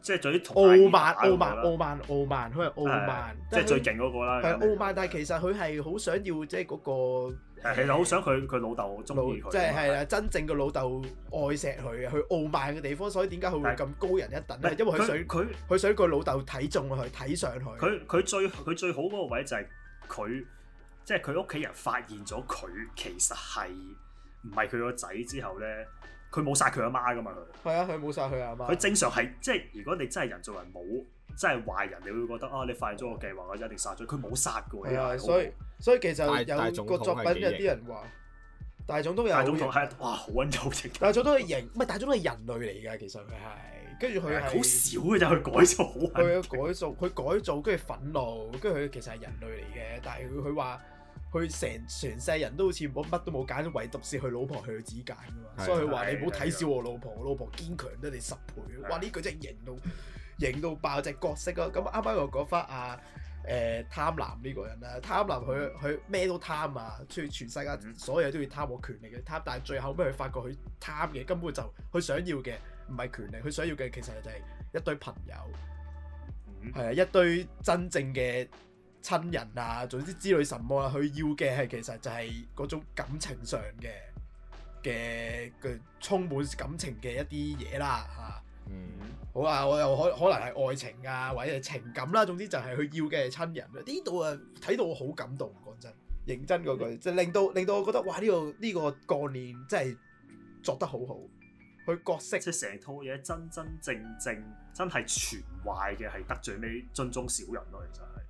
即係做啲同。傲慢，傲慢，傲慢，傲慢，佢係傲慢，即係最勁嗰個啦，係傲慢，但係其實佢係好想要即係嗰個。 其實好想佢，佢老豆中意佢，即係係啦，的的真正嘅老豆愛錫佢嘅，佢的傲慢嘅地方，所以點解佢會咁高人一等咧？因為佢想佢佢他他想個老豆睇中佢，睇上佢。佢佢最佢最好嗰個位就係佢，即係佢屋企人發現咗佢其實係唔係佢個仔之後咧，佢冇殺佢阿媽噶嘛？佢係啊，佢冇殺佢阿媽。佢正常係即係如果你真係人做人冇真係壞人，你會覺得啊，你發現咗個計劃，我一定殺咗佢。冇殺㗎喎。係啊的，所以。所以其實有個作品有啲人話大總統有，哇好溫柔型。大總統係型，唔係大總統係人類嚟㗎。其實佢係跟住佢係好少嘅就係改造。佢改造，佢改造跟住憤怒，跟住佢其實係人類嚟嘅。但係佢佢話佢成成世人都好似乜都冇揀，唯獨是佢老婆去自己揀㗎嘛。的所以佢話的你唔好睇小我老婆，的我老婆堅強得你十倍。哇！呢句真係型到型到爆，隻角色 啊！咁啱啱我講翻啊。誒、呃、貪婪呢個人啊，貪婪佢佢咩都貪啊，即係全世界所有嘢都要貪，我權力嘅貪，但係最後尾，佢發覺佢貪嘅根本就佢想要嘅唔係權力，佢想要嘅其實就係一堆朋友，係、嗯、啊，一堆真正嘅親人啊，總之之類什麼啊，佢要嘅係其實就係嗰種感情上嘅嘅嘅充滿感情嘅一啲嘢啦嚇。嗯，好啊！我又可可能係愛情啊，或者係情感啦、啊，總之就係佢要嘅係親人。呢度啊，睇到我好感動，講真，認真嗰句，就、令到令到我覺得，哇！呢、這個呢、這個概念真係做得好好，佢角色即係成套嘢真真正正，真係全壞嘅係得罪尾尊重小人咯、啊，其實係。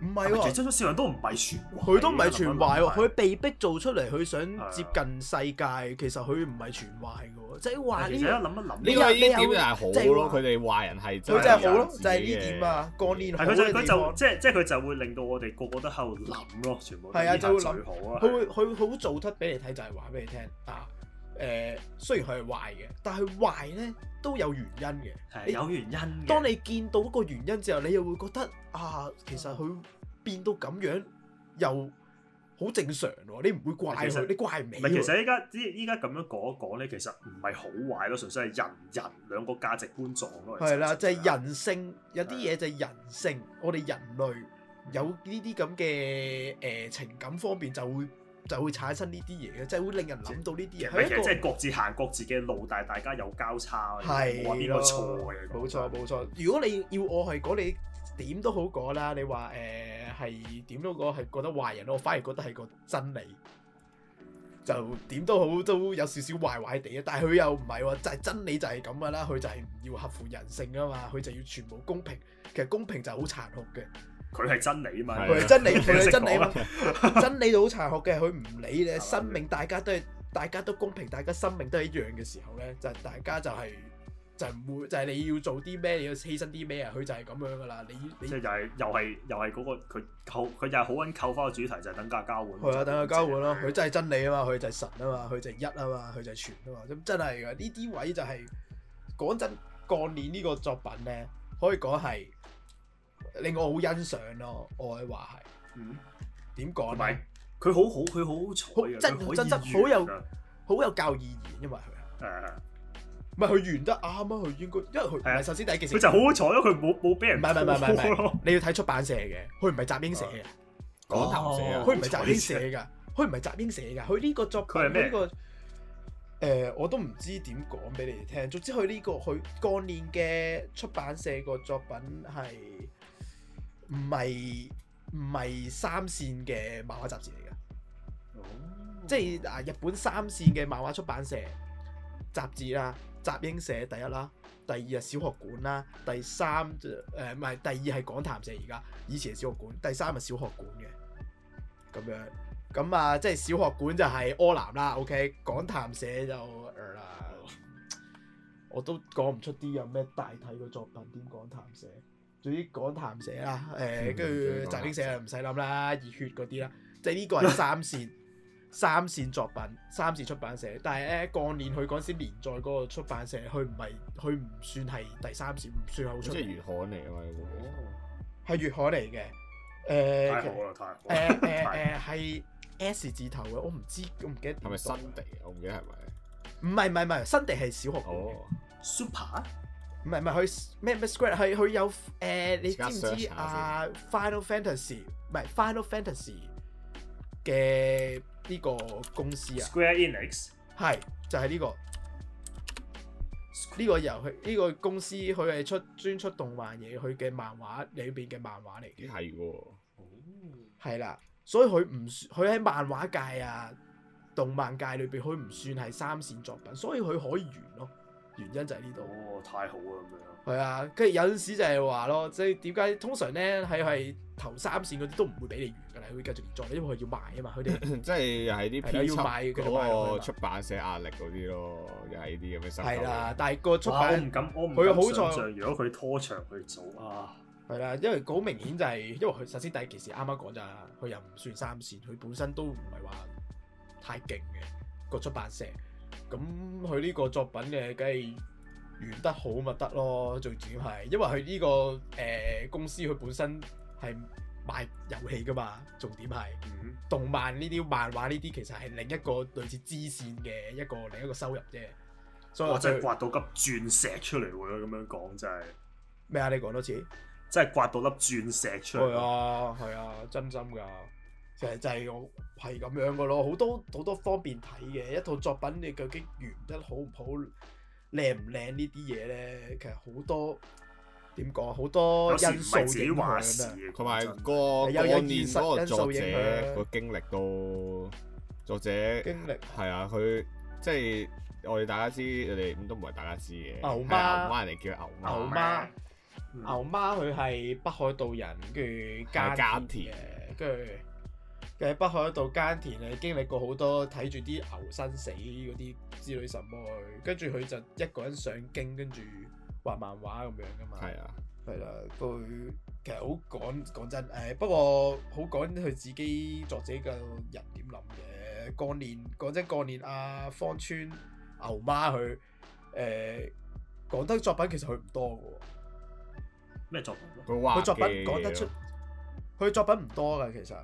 唔係喎，其實真真少人都唔係全，佢都唔係全壞喎。佢被逼做出嚟，佢想接近世界。其實佢唔係全壞嘅，即係你而家諗一諗，呢個呢點就係好咯。佢哋壞人係，佢就係好咯，就係呢點啊。過年係佢就佢就即係即係佢就會令到我哋個個都喺度諗咯，全部係啊，就會諗啊。佢會佢好做得俾你睇，就係話俾你聽啊。誒，uh, 雖然佢係壞嘅，但係壞咧都有原因嘅，的你有原因。當你見到個原因之後，你又會覺得啊，其實佢變到咁樣又好正常咯，你唔會怪佢，實你怪唔起。其實依家只依家咁樣講一講咧，其實唔係好壞咯，純粹係人人兩個價值觀撞咯。係啦，就係、是、人性，的有啲嘢就係人性，的我哋人類有呢啲咁嘅誒情感方面就會。就會產生呢啲嘢嘅，即係會令人諗到呢啲嘢。喺個即係各自行各自嘅路，但係大家有交叉，冇話邊個錯嘅。冇錯冇錯，如果你要我係講你點都好講啦，你話誒係點都講係覺得壞人咯，我反而覺得係個真理，就點都好都有少少壞壞地啊！但係佢又唔係話真係真理就係咁噶啦，佢就係唔要合乎人性噶嘛，佢就要全部公平。其實公平就好殘酷嘅。佢係真理嘛？佢係真理，佢係真理嘛。真理好殘酷嘅，佢唔理你生命。大家都係，大家都公平，大家生命都係一樣嘅時候咧，就大家就係就唔會，就係你要做啲咩，你要犧牲啲咩啊？佢就係咁樣噶啦。你你即係又係又係又係嗰個佢扣，佢就係好撚扣翻個主題，就係等價交換。係啊，等價交換咯。佢真係真理啊嘛，佢就係神啊嘛，佢就係一啊嘛，佢就係全啊嘛。咁真係噶呢啲位就係講真鋼煉呢個作品咧，可以講係。令我好欣賞咯，我話係點講咧？佢好好，佢好好，真真好有好有教義嘅，因為佢係咪？佢完得啱啊！佢應該因為佢係啊。首先第一件事，佢就好好彩，因為佢冇冇俾人唔係唔係唔係你要睇出版社嘅，佢唔係集英社嘅，講談社啊。佢唔係集英社噶，佢唔係集英社噶。佢呢個作品呢個誒，我都唔知點講俾你哋聽。總之佢呢個佢幹練嘅出版社個作品係。唔係唔係三線嘅漫畫雜誌嚟㗎，即係啊日本三線嘅漫畫出版社雜誌啦，集英社第一啦，第二係小學館啦，第三誒唔係，第二係講談社而家，以前係小學館，第三係小學館嘅咁樣，咁啊即係小學館就係柯南啦，OK，講談社就，我都講唔出啲有咩大體嘅作品點講談社。總之講談社啦，誒，跟住集英社就唔使諗啦，熱血嗰啲啦，即係呢個係三線，三線作品，三線出版社。但係咧過年佢嗰陣時連載嗰個出版社，佢唔係，佢唔算係第三線，唔算係好出。即係月刊嚟㗎嘛？哦，係月刊嚟嘅，誒，誒誒誒係 S 字頭嘅，我唔知，我唔記得。係咪新地？我唔記得係咪？唔係唔係唔係，新地係小學 Super。唔係唔係，佢咩咩 Square 係佢有誒？你知唔知啊？Final Fantasy 唔係 Final Fantasy 嘅呢個公司啊？Square Enix 係就係呢個呢個遊戲呢個公司，佢係出專出動漫嘢，佢嘅漫畫裏邊嘅漫畫嚟嘅係喎，係啦，所以佢唔算，佢喺漫畫界啊、動漫界裏邊，佢唔算係三線作品，所以佢可以完咯。原因就喺呢度。太好啦咁樣。係 啊，跟住有時就係話咯，即係點解通常咧喺係頭三線嗰啲都唔會俾你完㗎啦，佢會繼續連載，因為佢要賣啊嘛，佢哋。即係又係啲編輯嗰個出版社壓力嗰啲咯，又係呢啲咁嘅收。係啦、啊，但係個出版唔敢，我唔敢想像如果佢拖長去做啊。係啦、 啊，因為好明顯就係、是，因為佢首先第一件事啱啱講就係，佢又唔算三線，佢本身都唔係話太勁嘅、嗰個出版社。咁佢呢個作品嘅，梗係完得好咪得咯。最主要係，因為佢呢、呢個誒、呃、公司佢本身係賣遊戲㗎嘛。重點係、嗯、動漫呢啲漫畫呢啲，其實係另一個類似支線嘅一個另一個收入啫。所以我，我真係刮到粒鑽石出嚟喎！咁樣講真係咩啊？你講多次，真係刮到粒鑽石出嚟啊！係啊，真心㗎。其實就係我係咁樣嘅咯，好多好多方便睇嘅一套作品，你究竟完得好唔好、靚唔靚呢啲嘢咧？其實好多點講，好多因素影響嘅。同埋、嗰個概念嗰個作者個經歷都，作者經歷係啊，佢即係我哋大家知，佢哋都唔係大家知嘅。牛媽，牛媽人哋叫牛媽。牛媽，牛媽佢係、嗯、北海道人，跟住家田，跟住。佢北海道度耕田，誒經歷過好多睇住啲牛生死嗰啲之類什麼去跟住佢就一個人上京，跟住畫漫畫咁樣噶嘛。係啊，係啦，佢其實好講講真誒，不過好講佢自己作者個人點諗嘅過年講真過,過年啊，荒川牛媽佢誒講得作品其實佢唔多噶喎，咩作品？佢畫佢作品講得出，佢、啊、作品唔多噶其實。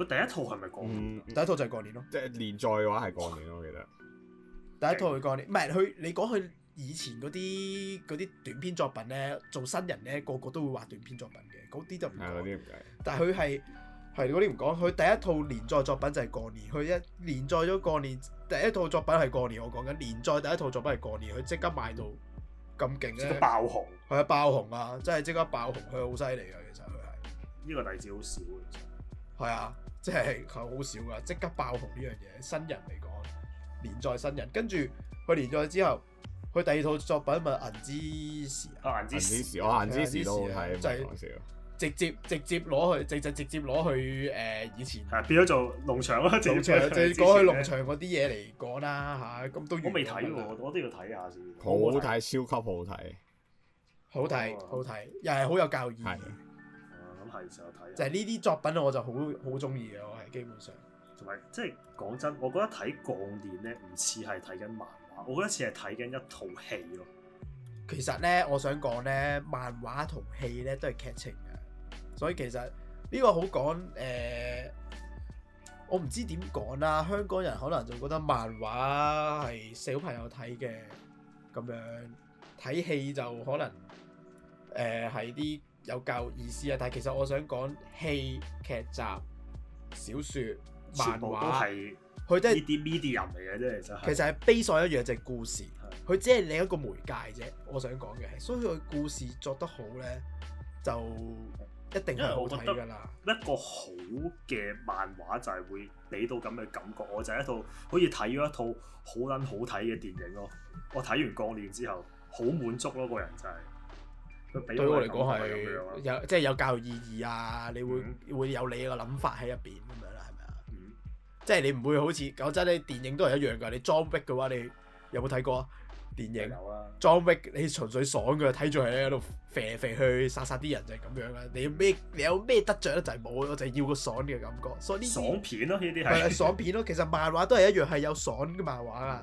佢第一套係咪過？第一套就係過年咯。即係連載嘅話係過年咯，我記得。第一套係過年，唔係佢你講佢以前嗰啲嗰啲短篇作品咧，做新人咧個個都會畫短篇作品嘅，嗰啲就唔講。嗰啲唔計。但係佢係係嗰啲唔講。佢第一套連載作品就係過年，佢一連載咗過年第一套作品係過年。我講緊連載第一套作品係過年，佢即刻賣到咁勁咧，爆紅係啊，爆紅啊，即係即刻爆紅。佢好犀利啊，其實佢係呢個例子好少其實係啊。即係佢好少噶，即刻爆紅呢樣嘢。新人嚟講，連載新人，跟住佢連載之後，佢第二套作品咪《銀之匙》啊，《銀之匙》，我《銀之匙》都係，就係直接直接攞去，直就直接攞去誒以前。係變咗做農場啦，就講佢農場嗰啲嘢嚟講啦嚇，咁都我未睇喎，我都要睇下先。好睇，超級好睇，好睇好睇，又係好有教義。係成日睇，就係呢啲作品我就好好中意啊！我係基本上，同埋即係講真，我覺得睇《鋼煉》咧，唔似係睇緊漫畫，我覺得似係睇緊一套戲咯。其實咧，我想講咧，漫畫同戲咧都係劇情嘅，所以其實呢個好講誒、呃，我唔知點講啦。香港人可能就覺得漫畫係小朋友睇嘅，咁樣睇戲就可能誒係啲。呃有夠意思啊！但係其實我想講，戲劇集、小説、漫畫都係佢都係 media medium 嚟嘅，就是，啫。係其實其實係悲 a 一樣，就係故事。佢的只係另一個媒介啫。我想講嘅係，所以佢故事作得好咧，就一定係好睇㗎啦。一個好嘅漫畫就係會俾到咁嘅感覺。我就係一套好似睇咗一套好撚好睇嘅電影咯。我睇完《鋼煉》之後，好滿足咯，啊，個人就係、是。對我嚟講係有即係有教育意義啊！你會會有你嘅諗法喺入邊咁樣啦，係咪啊？即係你唔會好似，講真你電影都係一樣噶。你裝逼嘅話，你有冇睇過啊？電影有啦。裝逼你純粹爽嘅，睇住佢喺度肥肥去殺殺啲人就係咁樣啦。你咩你有咩得着咧？就係冇，我就係要個爽嘅感覺。所以啲爽片咯，呢啲係係啊爽片咯。其實漫畫都係一樣，係有爽嘅漫畫啊。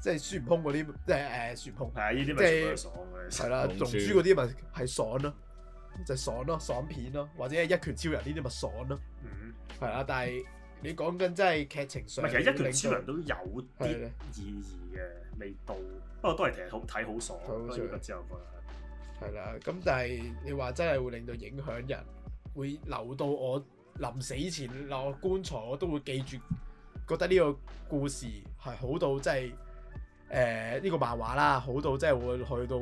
即係孫悟空嗰啲，即係誒，孫、呃、悟空係啊，呢啲咪超級爽嘅，係啦、就是，龍珠嗰啲咪係爽咯，就爽咯，爽片咯，或者係一拳超人呢啲咪爽咯，嗯，係啦。但係你講緊真係劇情上，其實一拳超人都有啲意義嘅味道，不過都係其實好睇好爽。一拳超人，係啦。咁但係你話真係會令到影響人，嗯、會留到我臨死前留落棺材，我，我都會記住，覺得呢個故事係好到真係。誒呢、呃這個漫畫啦，好到真係會去到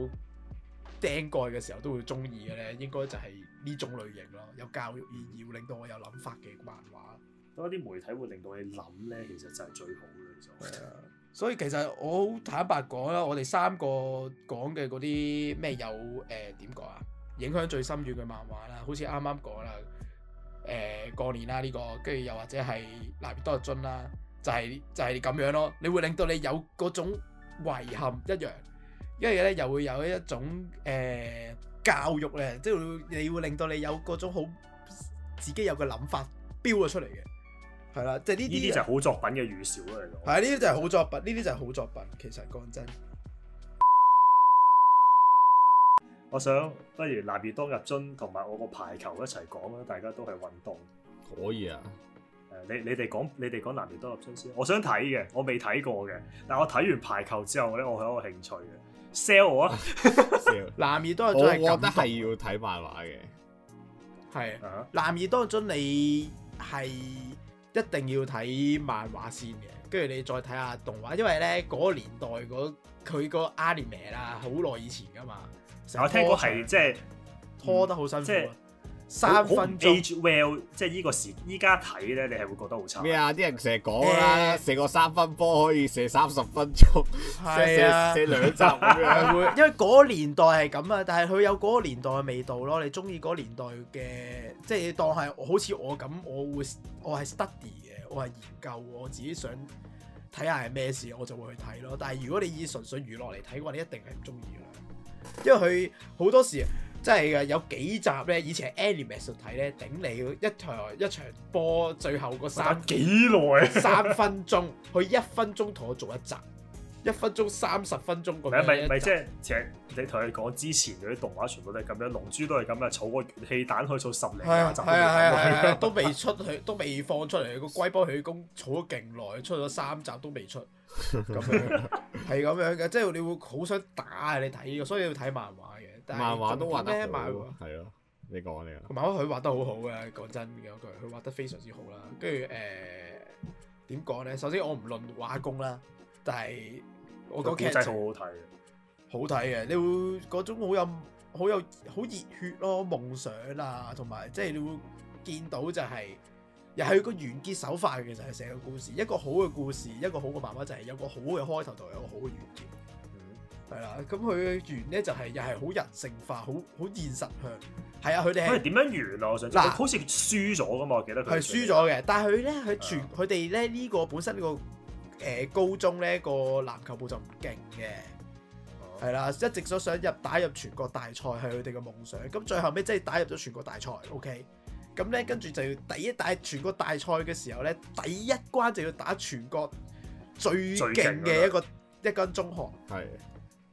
釘蓋嘅時候都會中意嘅咧，應該就係呢種類型咯，有教育意義，令到我有諗法嘅漫畫。多啲媒體會令到你諗咧，其實就係最好嘅。其實係啊，所以其實我好坦白講、呃、啦，我哋三個講嘅嗰啲咩有誒點講啊，影響最深遠嘅漫畫啦，好似啱啱講啦，誒過年啦呢、這個，跟住又或者係男兒當入樽啦，就係、是、就係、是、咁樣咯，你會令到你有嗰種。遺憾一樣，因為咧又會有一種誒、呃、教育咧，即係你會令到你有嗰種好自己有個諗法飆咗出嚟嘅，係啦，即係呢啲就係、是、好作品嘅預兆啦嚟講。係啊，呢啲就係好作品，呢啲的就係好作品。其實講真，我想不如男兒當入樽同埋我個排球一齊講啦，大家都係運動。可以啊。你你哋講你哋講《男兒當入樽》先，我想睇嘅，我未睇過嘅。但係我睇完排球之後咧，我有一個興趣嘅，sell 我啊！ 男兒當入樽，哦，我覺得係要睇漫畫嘅，係啊！啊《男兒當入樽》你係一定要睇漫畫先嘅，跟住你再睇下動畫，因為咧嗰，嗰個年代佢個 anime 啦，好耐以前噶嘛，成日聽講係即係拖得好辛苦，嗯。就是三分鐘，well, 即係呢個時，依家睇咧，你係會覺得好差。咩啊？啲人成日講啦，成個三分波可以射三十分鐘，是啊、射射，射兩集咁 因為嗰年代係咁啊，但係佢有嗰年代嘅味道咯。你中意嗰年代嘅，即、就、係、是、當係好似我咁，我會我係 study 嘅，我係研究我自己想睇下係咩事，我就會去睇咯。但係如果你以純粹娛樂嚟睇嘅話，你一定係唔中意嘅，因為佢好多時。真係嘅，有幾集咧？以前係 animas 睇咧，頂你一場一場播，最後個三幾耐啊？三分鐘，佢、啊、一分鐘同我做一集，一分鐘三十分鐘咁樣一集。係唔即係其實你同佢講之前嗰啲動畫全部都係咁樣，《龍珠》都係咁啊！儲個元氣彈可以儲十零集。係啊係啊，啊都未出去，都未放出嚟。個龜波氣功儲咗勁耐，出咗三集都未出。咁樣係咁樣嘅，即、就、係、是、你會好想打啊！你睇，所以要睇漫畫。漫畫都畫得，係咯，你講你啦。漫畫佢畫得好好嘅，講真嘅嗰句，佢畫得非常之好啦。跟住誒點講咧？首先我唔論畫工啦，但係我個劇情好好睇好睇嘅。你會嗰種好有好有好熱血咯，夢想啊，同埋即係你會見到就係、是，又係個完結手法其實係成個故事一個好嘅故事，一個好嘅漫畫就係有個好嘅開頭同有個好嘅完結。係啦，咁佢完咧就係又係好人性化，好好現實向。係啊，佢哋係點樣完啊？我想嗱，好似輸咗噶嘛，我記得佢哋係輸咗嘅。但係佢咧，佢全佢哋咧呢、呢個本身呢、呢個誒、呃、高中咧個籃球部就唔勁嘅，係啦、啊，一直想入打入全國大賽係佢哋嘅夢想。咁最後尾即係打入咗全國大賽，OK。咁咧跟住就要第一打全國大賽嘅時候咧，第一關就要打全國最勁嘅一個,一,個、啊、一間中學。係。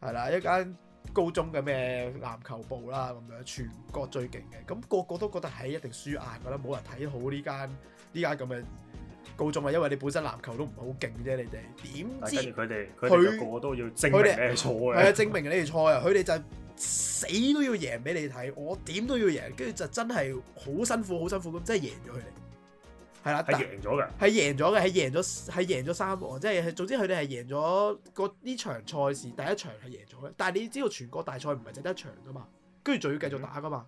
係啦，一間高中嘅咩籃球部啦，咁樣全國最勁嘅，咁、那個個都覺得係一定輸硬㗎啦，冇人睇好呢間呢間咁嘅高中啊，因為你本身籃球都唔好勁啫，你哋點知佢哋佢個個都要證明你錯嘅，係啊證明你哋錯啊，佢哋就死都要贏俾你睇，我點都要贏，跟住就真係好辛苦好辛苦咁，真係贏咗佢哋。係啦，係贏咗嘅，係贏咗嘅，係贏咗係贏咗三個，即係總之佢哋係贏咗個呢場賽事。第一場係贏咗嘅，但係你知道全國大賽唔係淨得一場㗎嘛，跟住仲要繼續打㗎嘛。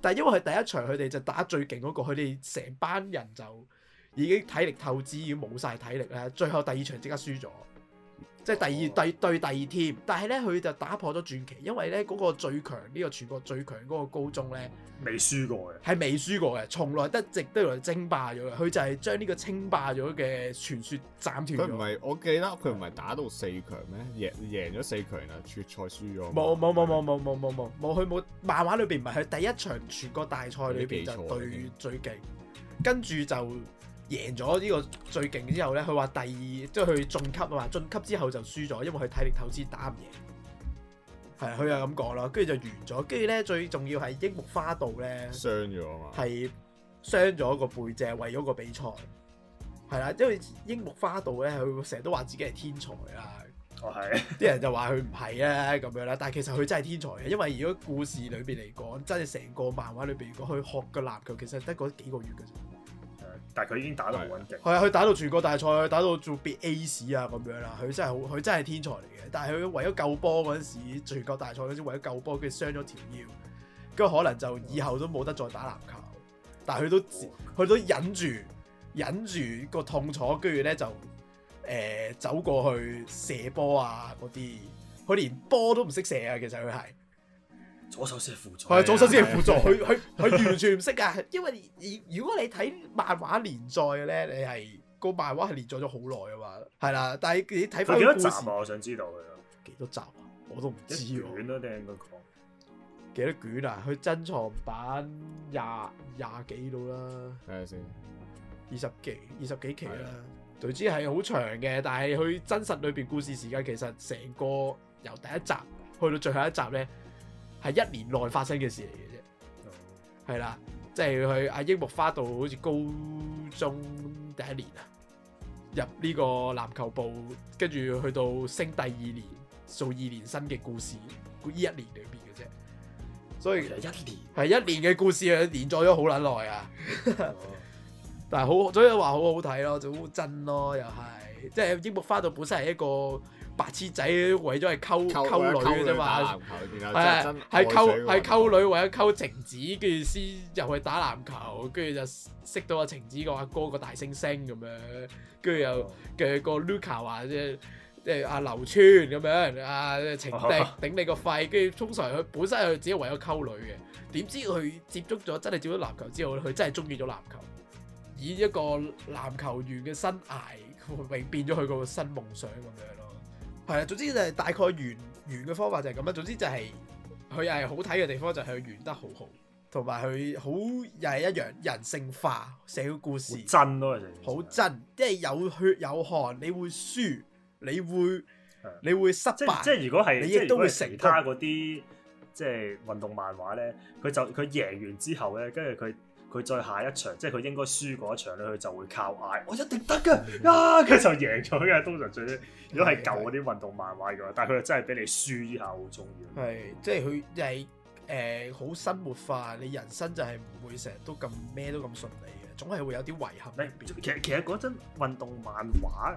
但係因為係第一場佢哋就打最勁嗰個，佢哋成班人就已經體力透支，已經冇晒體力啦，最後第二場即刻輸咗。即係第二對、oh. 對第二添，但係咧佢就打破咗傳奇，因為咧嗰、嗰個最強呢、呢個全國最強嗰個高中咧，未輸過嘅，係未輸過嘅，從來一直都嚟稱霸咗嘅，佢就係將呢個稱霸咗嘅傳說斬斷。佢唔係，我記得佢唔係打到四強咩？贏贏咗四強啦，決賽輸咗。冇冇冇冇冇冇冇冇冇，佢冇漫畫裏邊唔係佢第一場全國大賽裏邊就對最最勁，該跟住就。贏咗呢個最勁之後呢，佢話第二即係佢晉級啊嘛，晉級之後就輸咗，因為佢體力透支打唔贏。係啊，佢係咁講啦，跟住就完咗。跟住呢，最重要係櫻木花道呢，傷咗啊嘛，係傷咗個背脊為咗個比賽。係啦，因為櫻木花道呢，佢成日都話自己係天才啊。哦，係。啲人就話佢唔係啊咁樣啦，但係其實佢真係天才嘅，因為如果故事裏邊嚟講，真係成個漫畫裏邊嚟講，佢學個籃球其實得嗰幾個月嘅啫。但係佢已經打到好穩定，係 啊樂！佢打到全國大賽，打到做別 A 市啊咁樣啦。佢真係好，佢真係天才嚟嘅。但係佢為咗救波嗰陣時，全國大賽嗰陣時為咗救波，跟住傷咗條腰，跟住可能就以後都冇得再打籃球。但係佢都，佢都忍住，忍住個痛楚，跟住咧就誒、呃、走過去射波啊嗰啲。佢連波都唔識射啊，其實佢係。嗯、左手先係輔助，係左手先係輔助，佢佢佢完全唔識啊！因為如果你睇漫畫連載嘅咧，你係個漫畫係連載咗好耐啊嘛，係啦。但係你睇翻佢幾多集啊？我想知道佢幾多集啊？我都唔知啊！卷咯，聽佢講幾多卷啊？佢、啊、珍藏版廿廿幾度啦，睇下先，二十幾二十幾期啦。總之係好長嘅，但係佢真實裏邊故事時間，其實成個由第一集去到最後一集咧，係一年內發生嘅事嚟嘅啫，係啦、嗯，即係、就是、去阿櫻木花道好似高中第一年啊，入呢個籃球部，跟住去到升第二年做二年生嘅故事，呢一年裏邊嘅啫。所以其實一年係一年嘅故事連，連載咗好撚耐啊！ 但係好，所以話好好睇咯，好、就是、真咯，又係即係櫻木花道本身係一個。白痴仔為，為咗係溝溝女嘅啫嘛，係係溝係溝女為咗溝晴子，跟住先入去打籃球，跟住就識到阿晴子個阿哥個大猩猩咁樣，跟住、嗯、又嘅、嗯、個 Luca 話即係阿流川咁樣，阿晴迪頂你個肺，跟住、啊、通常佢本身係只係為咗溝女嘅，點知佢接觸咗真係接觸籃球之後，佢真係鍾意咗籃球，以一個籃球員嘅生涯，永變咗佢個新夢想咁樣。係啊，總之就係大概圓圓嘅方法就係咁啦。總之就係佢係好睇嘅地方就係佢圓得好好，同埋佢好又係一樣人性化寫個故事。真咯、啊，好真，即係有血有汗，你會輸，你會的你會失敗。即係如果係，你亦也都果係其他嗰啲功即係運動漫畫咧，佢就佢贏完之後咧，跟住佢。佢再下一場，即係佢應該輸嗰一場咧，佢就會靠嗌。我一定得嘅， 啊，佢就贏咗嘅。通常最，如果係舊嗰啲運動漫畫嘅話， 但係佢真係俾你輸一下好重要。係， 即係佢就係誒好生活化，你人生就係唔會成日都咁咩都咁順利嘅，總係會有啲遺憾咧。其實其實嗰陣運動漫畫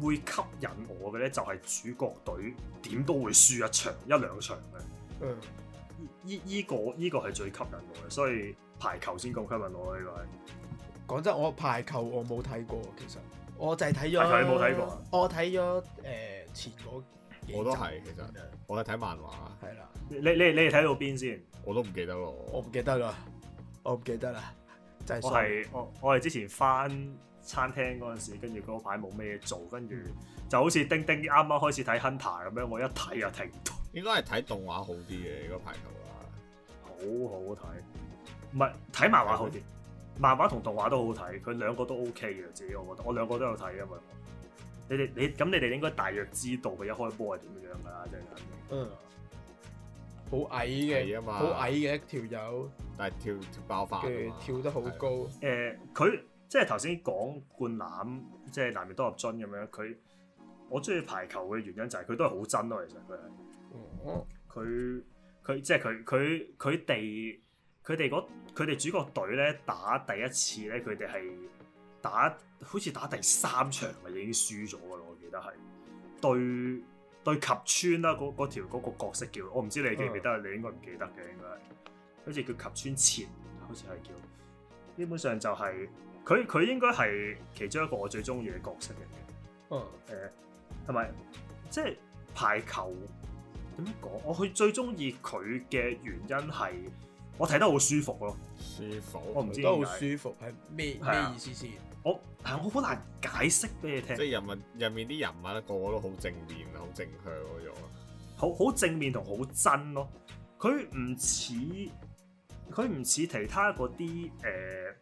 會吸引我嘅咧，就係、是、主角隊點都會輸一場一兩場嘅。嗯、這個，依、這、依個依個係最吸引我嘅，所以。排球先夠吸引我呢個係，講真，我排球我冇睇過，其實我就係睇咗。排球你冇睇過？我睇咗誒前嗰幾集我都係其實，嗯、我係睇漫畫。係啦你的，你你你哋睇到邊先？我都唔記得咯，我唔記得啦、就是，我唔記得啦。我係我我係之前返餐廳嗰陣時，跟住嗰排冇咩嘢做，跟住就好似丁丁啱啱開始睇 Hunter 咁樣，我一睇又停唔到。應該係睇動畫好啲嘅，呢個排球啊，好好睇。唔係睇漫畫好啲，漫畫同動畫都好睇，佢兩個都 OK 嘅，自己我覺得，我兩個都有睇嘅嘛。你哋你咁你哋應該大約知道佢一開波係點樣嘅啦，即係嗯，好矮嘅，嘛，好矮嘅一條友，但係跳跳爆發，跳得好高。誒，佢即係頭先講灌籃，即係、就是、難免多入樽咁樣。佢我中意排球嘅原因就係、是、佢都係好真咯、啊，其實佢係，佢佢、嗯、即係佢佢佢哋。佢哋佢哋主角隊咧打第一次咧，佢哋係打好似打第三場咪已經輸咗噶咯？我記得係對對及川啦，嗰嗰條嗰個角色叫，我唔知你記唔記得，uh. 你應該唔記得嘅應該係好似叫及川前，好似係叫。基本上就係佢佢應該係其中一個我最中意嘅角色嚟嘅。嗯，uh. 呃，誒，同埋即係排球點講？我去最中意佢嘅原因係。我睇得好舒服咯，舒服，我唔知都好舒服，係咩咩意思先？我係我好難解釋俾你聽。即係人民，入面啲人物咧，個個都正正好，好正面，哦，好正向嗰種。好好正面同好真咯，佢唔似佢唔似其他嗰啲誒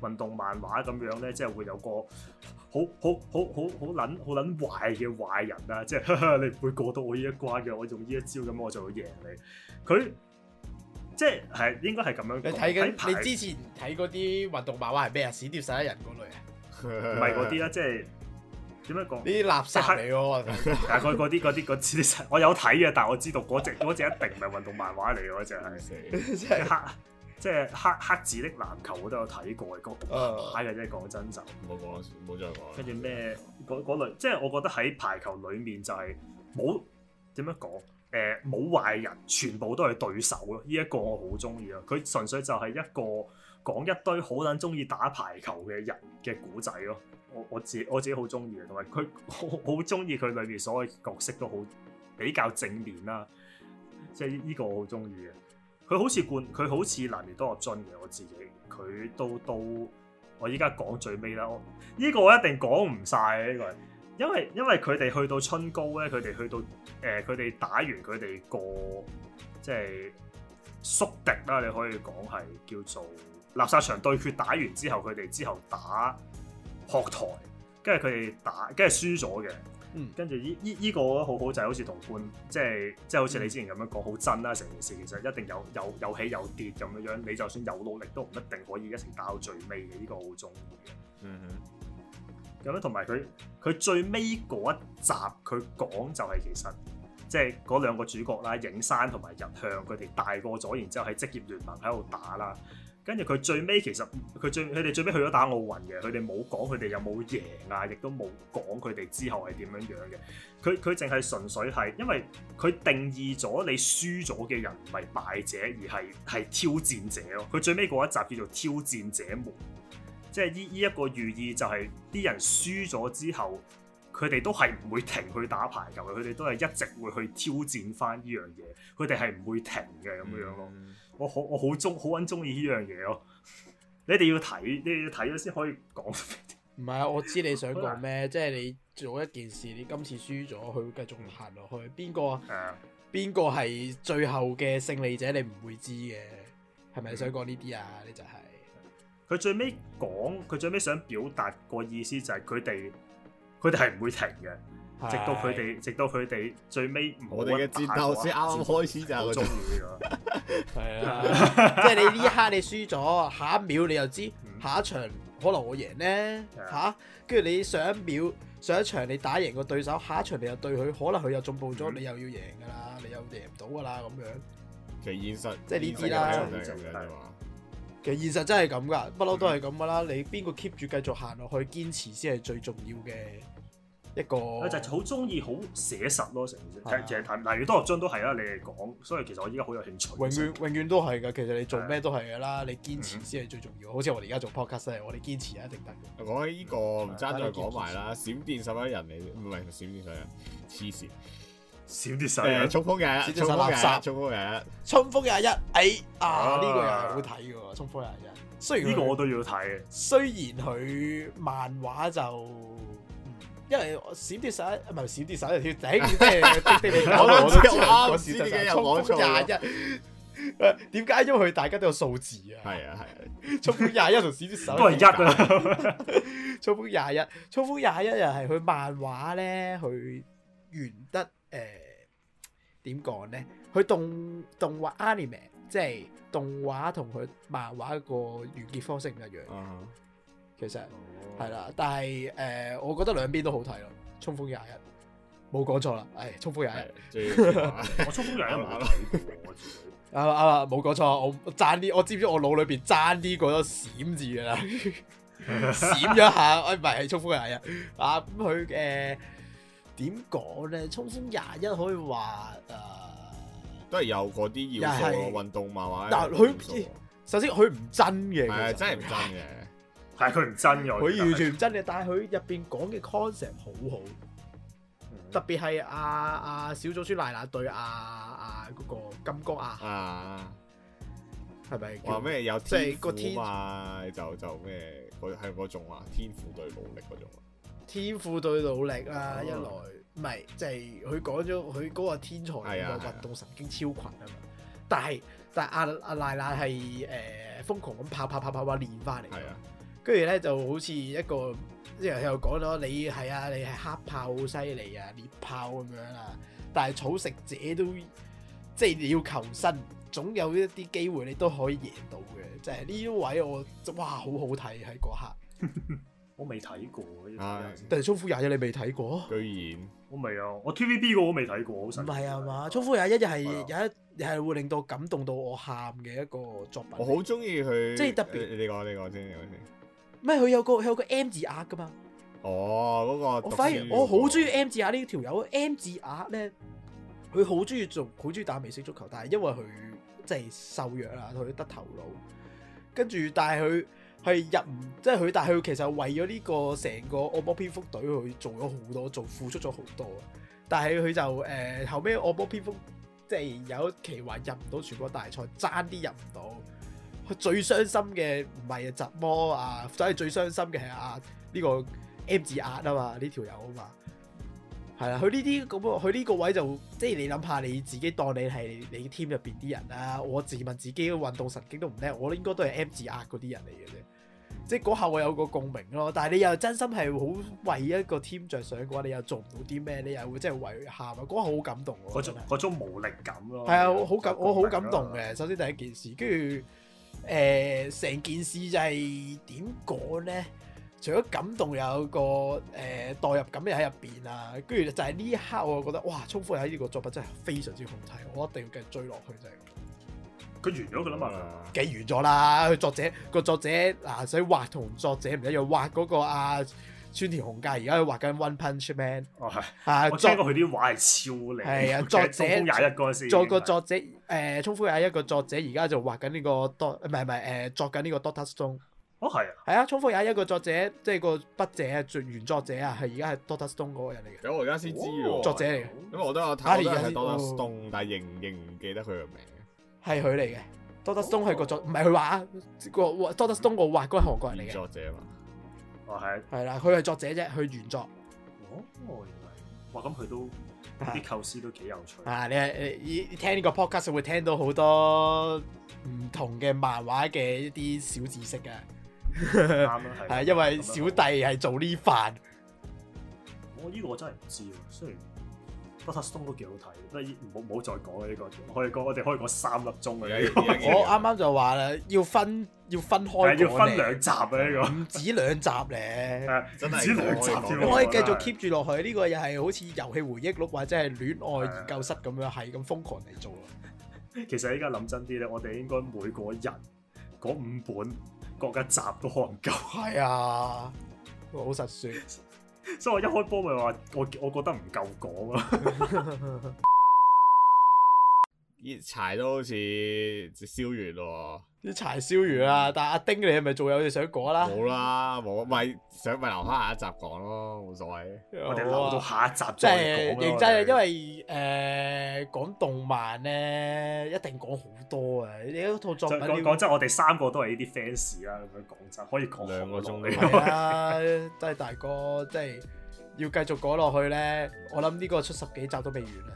運動漫畫咁樣咧，即係會有個好好好好好撚好撚壞嘅壞人啊！即係 你唔會過到我呢一關嘅，我用呢一招咁我就會贏你。佢。即係應該係咁樣。你睇緊排你之前睇嗰啲運動漫畫係咩啊？閃電十一人嗰類啊？唔係嗰啲啦，即係點樣講？啲垃圾嚟喎！大概嗰啲嗰啲我有睇嘅，但係我知道嗰隻嗰隻一定唔係運動漫畫嚟噶，嗰隻。即係黑，即係黑黑子的籃球我都有睇過， 個烏鴉嘅啫。講真就，唔好講，唔好再講。跟住咩？嗰嗰 類即係我覺得喺排球裏面就係冇點樣講。誒冇壞人，全部都係對手咯！呢、這個、一個我好中意啊，佢純粹就係一個講一堆好撚中意打排球嘅人嘅古仔咯。我我自我自己好中意啊，同埋佢好好中意佢裏面所有角色都好比較正面啦。即係呢個我好中意嘅，佢好似冠，佢好似男兒當入樽嘅。我自己佢都都，我依家講最尾啦，呢、這個我一定講唔晒嘅呢個，因為因為佢哋去到春高咧，佢哋去到。誒佢哋打完佢哋個即係宿敵啦，你可以講係叫做垃圾場對決。打完之後，佢哋之後打學台，跟住佢哋打跟住輸咗嘅。嗯，跟住呢依依個好、就係、好就係好似同冠，即係即係好似你之前咁樣講，好、嗯、真啦！成件事其實一定有有有起有跌咁樣樣。你就算有努力，都唔一定可以一齊打到最尾嘅。呢、這個好重要嘅。嗯咁樣同埋佢佢最尾嗰一集，佢講就係其實。即係嗰兩個主角啦，影山同埋日向，佢哋大個咗，然之後喺職業聯盟喺度打啦。跟住佢最尾其實佢最佢哋最尾去咗打奧運嘅，佢哋冇講佢哋有冇贏啊，亦都冇講佢哋之後係點樣樣嘅。佢佢淨係純粹係，因為佢定義咗你輸咗嘅人唔係敗者，而係係挑戰者咯。佢最尾嗰一集叫做《挑戰者們》，即，即係呢依一個寓意就係啲人輸咗之後。佢哋都係唔會停去打排球嘅，佢哋都係一直會去挑戰翻呢樣嘢。佢哋係唔會停嘅咁樣咯。我好我好中好揾中意呢樣嘢咯。你哋要睇，你哋要睇咗先可以講。唔係啊，我知你想講咩？能即係你做一件事，你今次輸咗，佢會繼續行落去。邊個？邊個係最後嘅勝利者？你唔會知嘅。係咪想講呢啲啊？呢、嗯、就係、是、佢最尾講，佢最尾想表達個意思就係佢哋。佢哋係唔會停嘅，直到佢哋直到佢哋最尾唔好。我哋嘅戰鬥先啱啱開始就中斷咗。係啊，即係你呢刻你輸咗，下一秒你又知下一場可能我贏呢？嚇。跟住你上一秒上一場你打贏個對手，下一場你又對佢，可能佢又進步咗，你又要贏㗎啦，你又贏唔到㗎啦咁樣。其實現實即係呢啲啦。其實現實真係咁㗎，不嬲都係咁㗎啦。你邊個 keep 住繼續行落去堅持先係最重要嘅。一個就係好中意，好寫實咯成件事。其實，其實，例如多學章都係啦，你哋講，所以其實我依家好有興趣。永遠永遠都係嘅，其實你做咩都係嘅啦，你堅持先係最重要。好似我哋而家做 podcast 咧，我哋堅持一定得。我呢個唔爭在講埋啦，《閃電十一人》你唔係《閃電十一》黐線，《閃電十一》衝鋒嘅，《閃電十一》衝鋒嘅，《衝鋒廿一》哎啊！呢個又係好睇嘅，《衝鋒廿一》雖然呢個我都要睇嘅。雖然佢漫畫就。因為我閃啲手，唔係閃啲手，係跳頂，即係 我我都知、啊嗯，我事實上衝鋒廿一。誒點解因為大家都有數字啊？係啊係。衝鋒廿一同閃啲手都係一啊！衝鋒廿一，衝鋒廿一又係佢漫畫咧，佢完得誒點講咧？佢、呃、動動畫 anime 即係動畫同佢漫畫個完結方式唔一樣。嗯，其實。係啦，但係誒，我覺得兩邊都好睇咯。衝鋒廿一冇講錯啦，係衝鋒廿一。我衝鋒廿一嘛咯。啊啊，冇講錯，我爭啲，我知唔知我腦裏邊爭啲嗰個閃字噶啦？閃咗下，唔係衝鋒廿一啊！咁佢誒點講咧？衝鋒廿一可以話誒，都係有嗰啲要素運動嘛？但嗱，佢首先佢唔真嘅，真係唔真嘅。但係佢唔真㗎，佢完全唔真嘅。但係佢入邊講嘅 concept 好好，特別係阿阿小祖孫奶奶對阿阿嗰個金剛啊，係咪話咩有即係個天就就咩嗰係嗰種啊？天賦對努力嗰種啊，天賦對努力啊，一來唔係即係佢講咗佢嗰個天才嘅運動神經超羣啊嘛，但係但係阿阿奶奶係誒瘋狂咁拍拍拍拍跑練翻嚟㗎。跟住咧就好似一個，即係又講咗你係啊，你係黑豹好犀利啊，獵豹咁樣啊，但係草食者都即係你要求生，總有一啲機會你都可以贏到嘅。即係呢位我哇好好睇喺嗰刻，我未睇過。但係《衝鋒廿一》你未睇過？居然我未啊，我 TVB 個我未睇過，好神。唔係啊嘛，《衝鋒廿一》係有一，係會令到感動到我喊嘅一個作品。我好中意佢，即係特別。你講，你講先，你講先。咩？佢有個有個 M 字額噶嘛？哦，嗰、那個我反而、哦、我好中意 M 字額呢條友。M 字額咧，佢好中意做，好中意打美式足球。但係因為佢即係瘦弱啊，佢得頭腦，跟住但係佢係入唔即係佢，但係佢、就是、其實為咗呢個成個惡魔蝙蝠隊，去做咗好多，做付出咗好多。但係佢就誒、呃、後尾惡魔蝙蝠即係有一期話入唔到全國大賽，爭啲入唔到。佢最傷心嘅唔係集魔啊，所以最傷心嘅係啊呢個 M 字壓啊嘛，呢條友啊嘛，係啊，佢呢啲咁啊，佢呢個位就即係你諗下你自己當你係你 team 入邊啲人啊，我自問自己嘅運動神經都唔叻，我應該都係 M 字壓嗰啲人嚟嘅啫，即係嗰下我有個共鳴咯。但係你又真心係好為一個 team 着想嘅話，你又做唔到啲咩，你又會真係為喊啊，嗰下好感動啊。嗰種無力感咯。係啊，好感，我好感動嘅、啊。首先第一件事，跟住。誒成、呃、件事就係點講咧？除咗感動有，有個誒代入感又喺入邊啊，跟住就係呢一刻，我覺得哇！沖夫喺呢個作品真係非常之好睇，我一定要繼續追落去啫。佢完咗佢諗下啦，完咗啦？作者、個作者嗱，所以畫同作者唔、啊、一樣，畫嗰個啊村田雄介而家在在畫緊《One Punch Man》。哦，係。啊、我聽過佢啲畫係超靚。係啊，作者。廿一個先。誒，冲夫也一個作者，而家就畫緊呢個 d 唔係唔係，誒，作緊呢個 Doctor Stone。哦，係啊。係啊，冲夫也一個作者，即係個筆者啊，原作者啊，係而家係 Doctor Stone 嗰個人嚟嘅。咁我而家先知作者嚟嘅。咁我都有睇都係 Doctor Stone，但係仍仍唔記得佢個名。係佢嚟嘅，Doctor Stone 係個作，唔係佢畫。Doctor Stone 個畫嗰個係韓國人嚟嘅。作者啊嘛。哦，係。係啦，佢係作者啫，佢原作。哦，原來。哇，咁佢都。啲構思都幾有趣啊！你係依聽呢個 podcast 會聽到好多唔同嘅漫畫嘅一啲小知識嘅 對，啱啦，係，係因為小弟係做呢份、啊。我、這、呢個我真係唔知喎，雖然。不士頓都幾好睇，不過唔好唔好再講呢個，可以講我哋可以講三粒鐘嘅呢個。我啱啱就話啦，要分要分開，要分兩集啊！呢個唔止兩集咧，真係唔止兩集。我可以繼續 keep 住落去，呢個又係好似遊戲回憶錄或者係戀愛研究室咁樣，係咁瘋狂嚟做。其實依家諗真啲咧，我哋應該每個人講五本各一集都可能夠係啊！好實說。 所以我一開波咪話我我覺得唔夠講啊，啲 柴樂都好似燒完咯。啲柴燒魚啊！但阿丁，你係咪仲有嘢想講、啊、啦？冇啦，冇，咪想咪留翻下一集講咯，冇所謂。啊、我哋留到下一集即係是，亦即係，真們因為誒、呃、講動漫咧，一定講好多啊。你嗰套作品講講，講真，我哋三個都係呢啲 fans 啦。咁樣講真，可以講兩個鐘。唔係啊，即係 大哥，即係要繼續講落去咧。我諗呢個出十幾集都未完啊！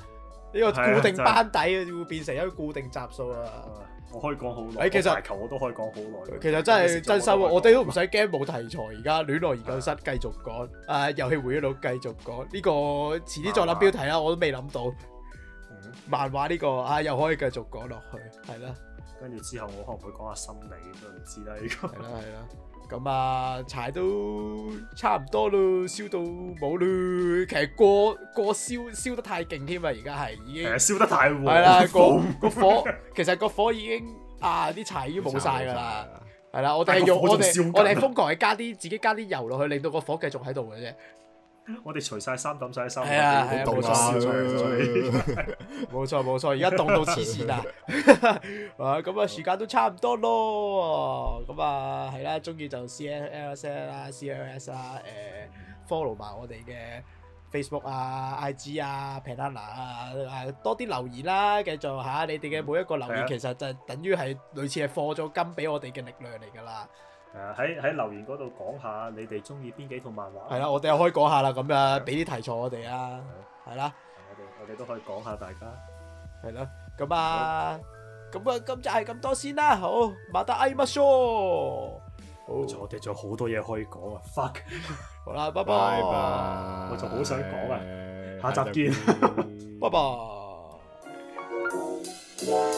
呢、呢個固定班底啊，會變成一個固定集數啊！ 可以講好耐，欸、其實大球我都可以講好耐。其實真係真心，我哋都唔使驚冇題材。而家戀愛研究室繼續講，誒、啊啊、遊戲回憶錄繼續講呢、呢個，遲啲再諗標題啦，我都未諗到。嗯、漫畫呢、呢個啊，又可以繼續講落去，係啦。跟住之後我可能會講下心理，都唔知啦、呢個。呢個係啦，係啦。咁啊柴都差唔多咯，燒到冇咯，其實過過燒燒得太勁添啊！而家係已經燒得太旺，係啦，個個火，那火其實個火已經啊啲 柴已經冇晒㗎啦，係啦，我哋係用火燒我哋們我哋瘋狂係加啲自己加啲油落去，令到個火繼續喺度嘅啫。我哋除晒衫，抌晒衫，係啊，係啊，冇錯，冇錯，冇錯，而家凍到黐線啊！咁啊，時間都， 都差唔多咯。咁啊，係啦、啊，中意就 C L S 啦，C L S 啦，誒，follow 埋我哋嘅 Facebook 啊、I G 啊、Panana、呃嗯、啊，啊，啊，多啲留言啦，繼續吓、啊、你哋嘅每一個留言，其實就等於係類似係課咗金俾我哋嘅力量嚟噶啦。係啊，喺喺留言嗰度講下你哋中意邊幾套漫畫。係啦，我哋又可以講下啦，咁啊，俾啲題材我哋啊，係啦。我哋我哋都可以講下大家，係啦，咁啊，咁啊，咁就係咁多先啦。好，馬達埃馬蘇。好，我哋仲有好多嘢可以講啊。fuck。好啦，拜拜。我就好想講啊，下集見。拜拜。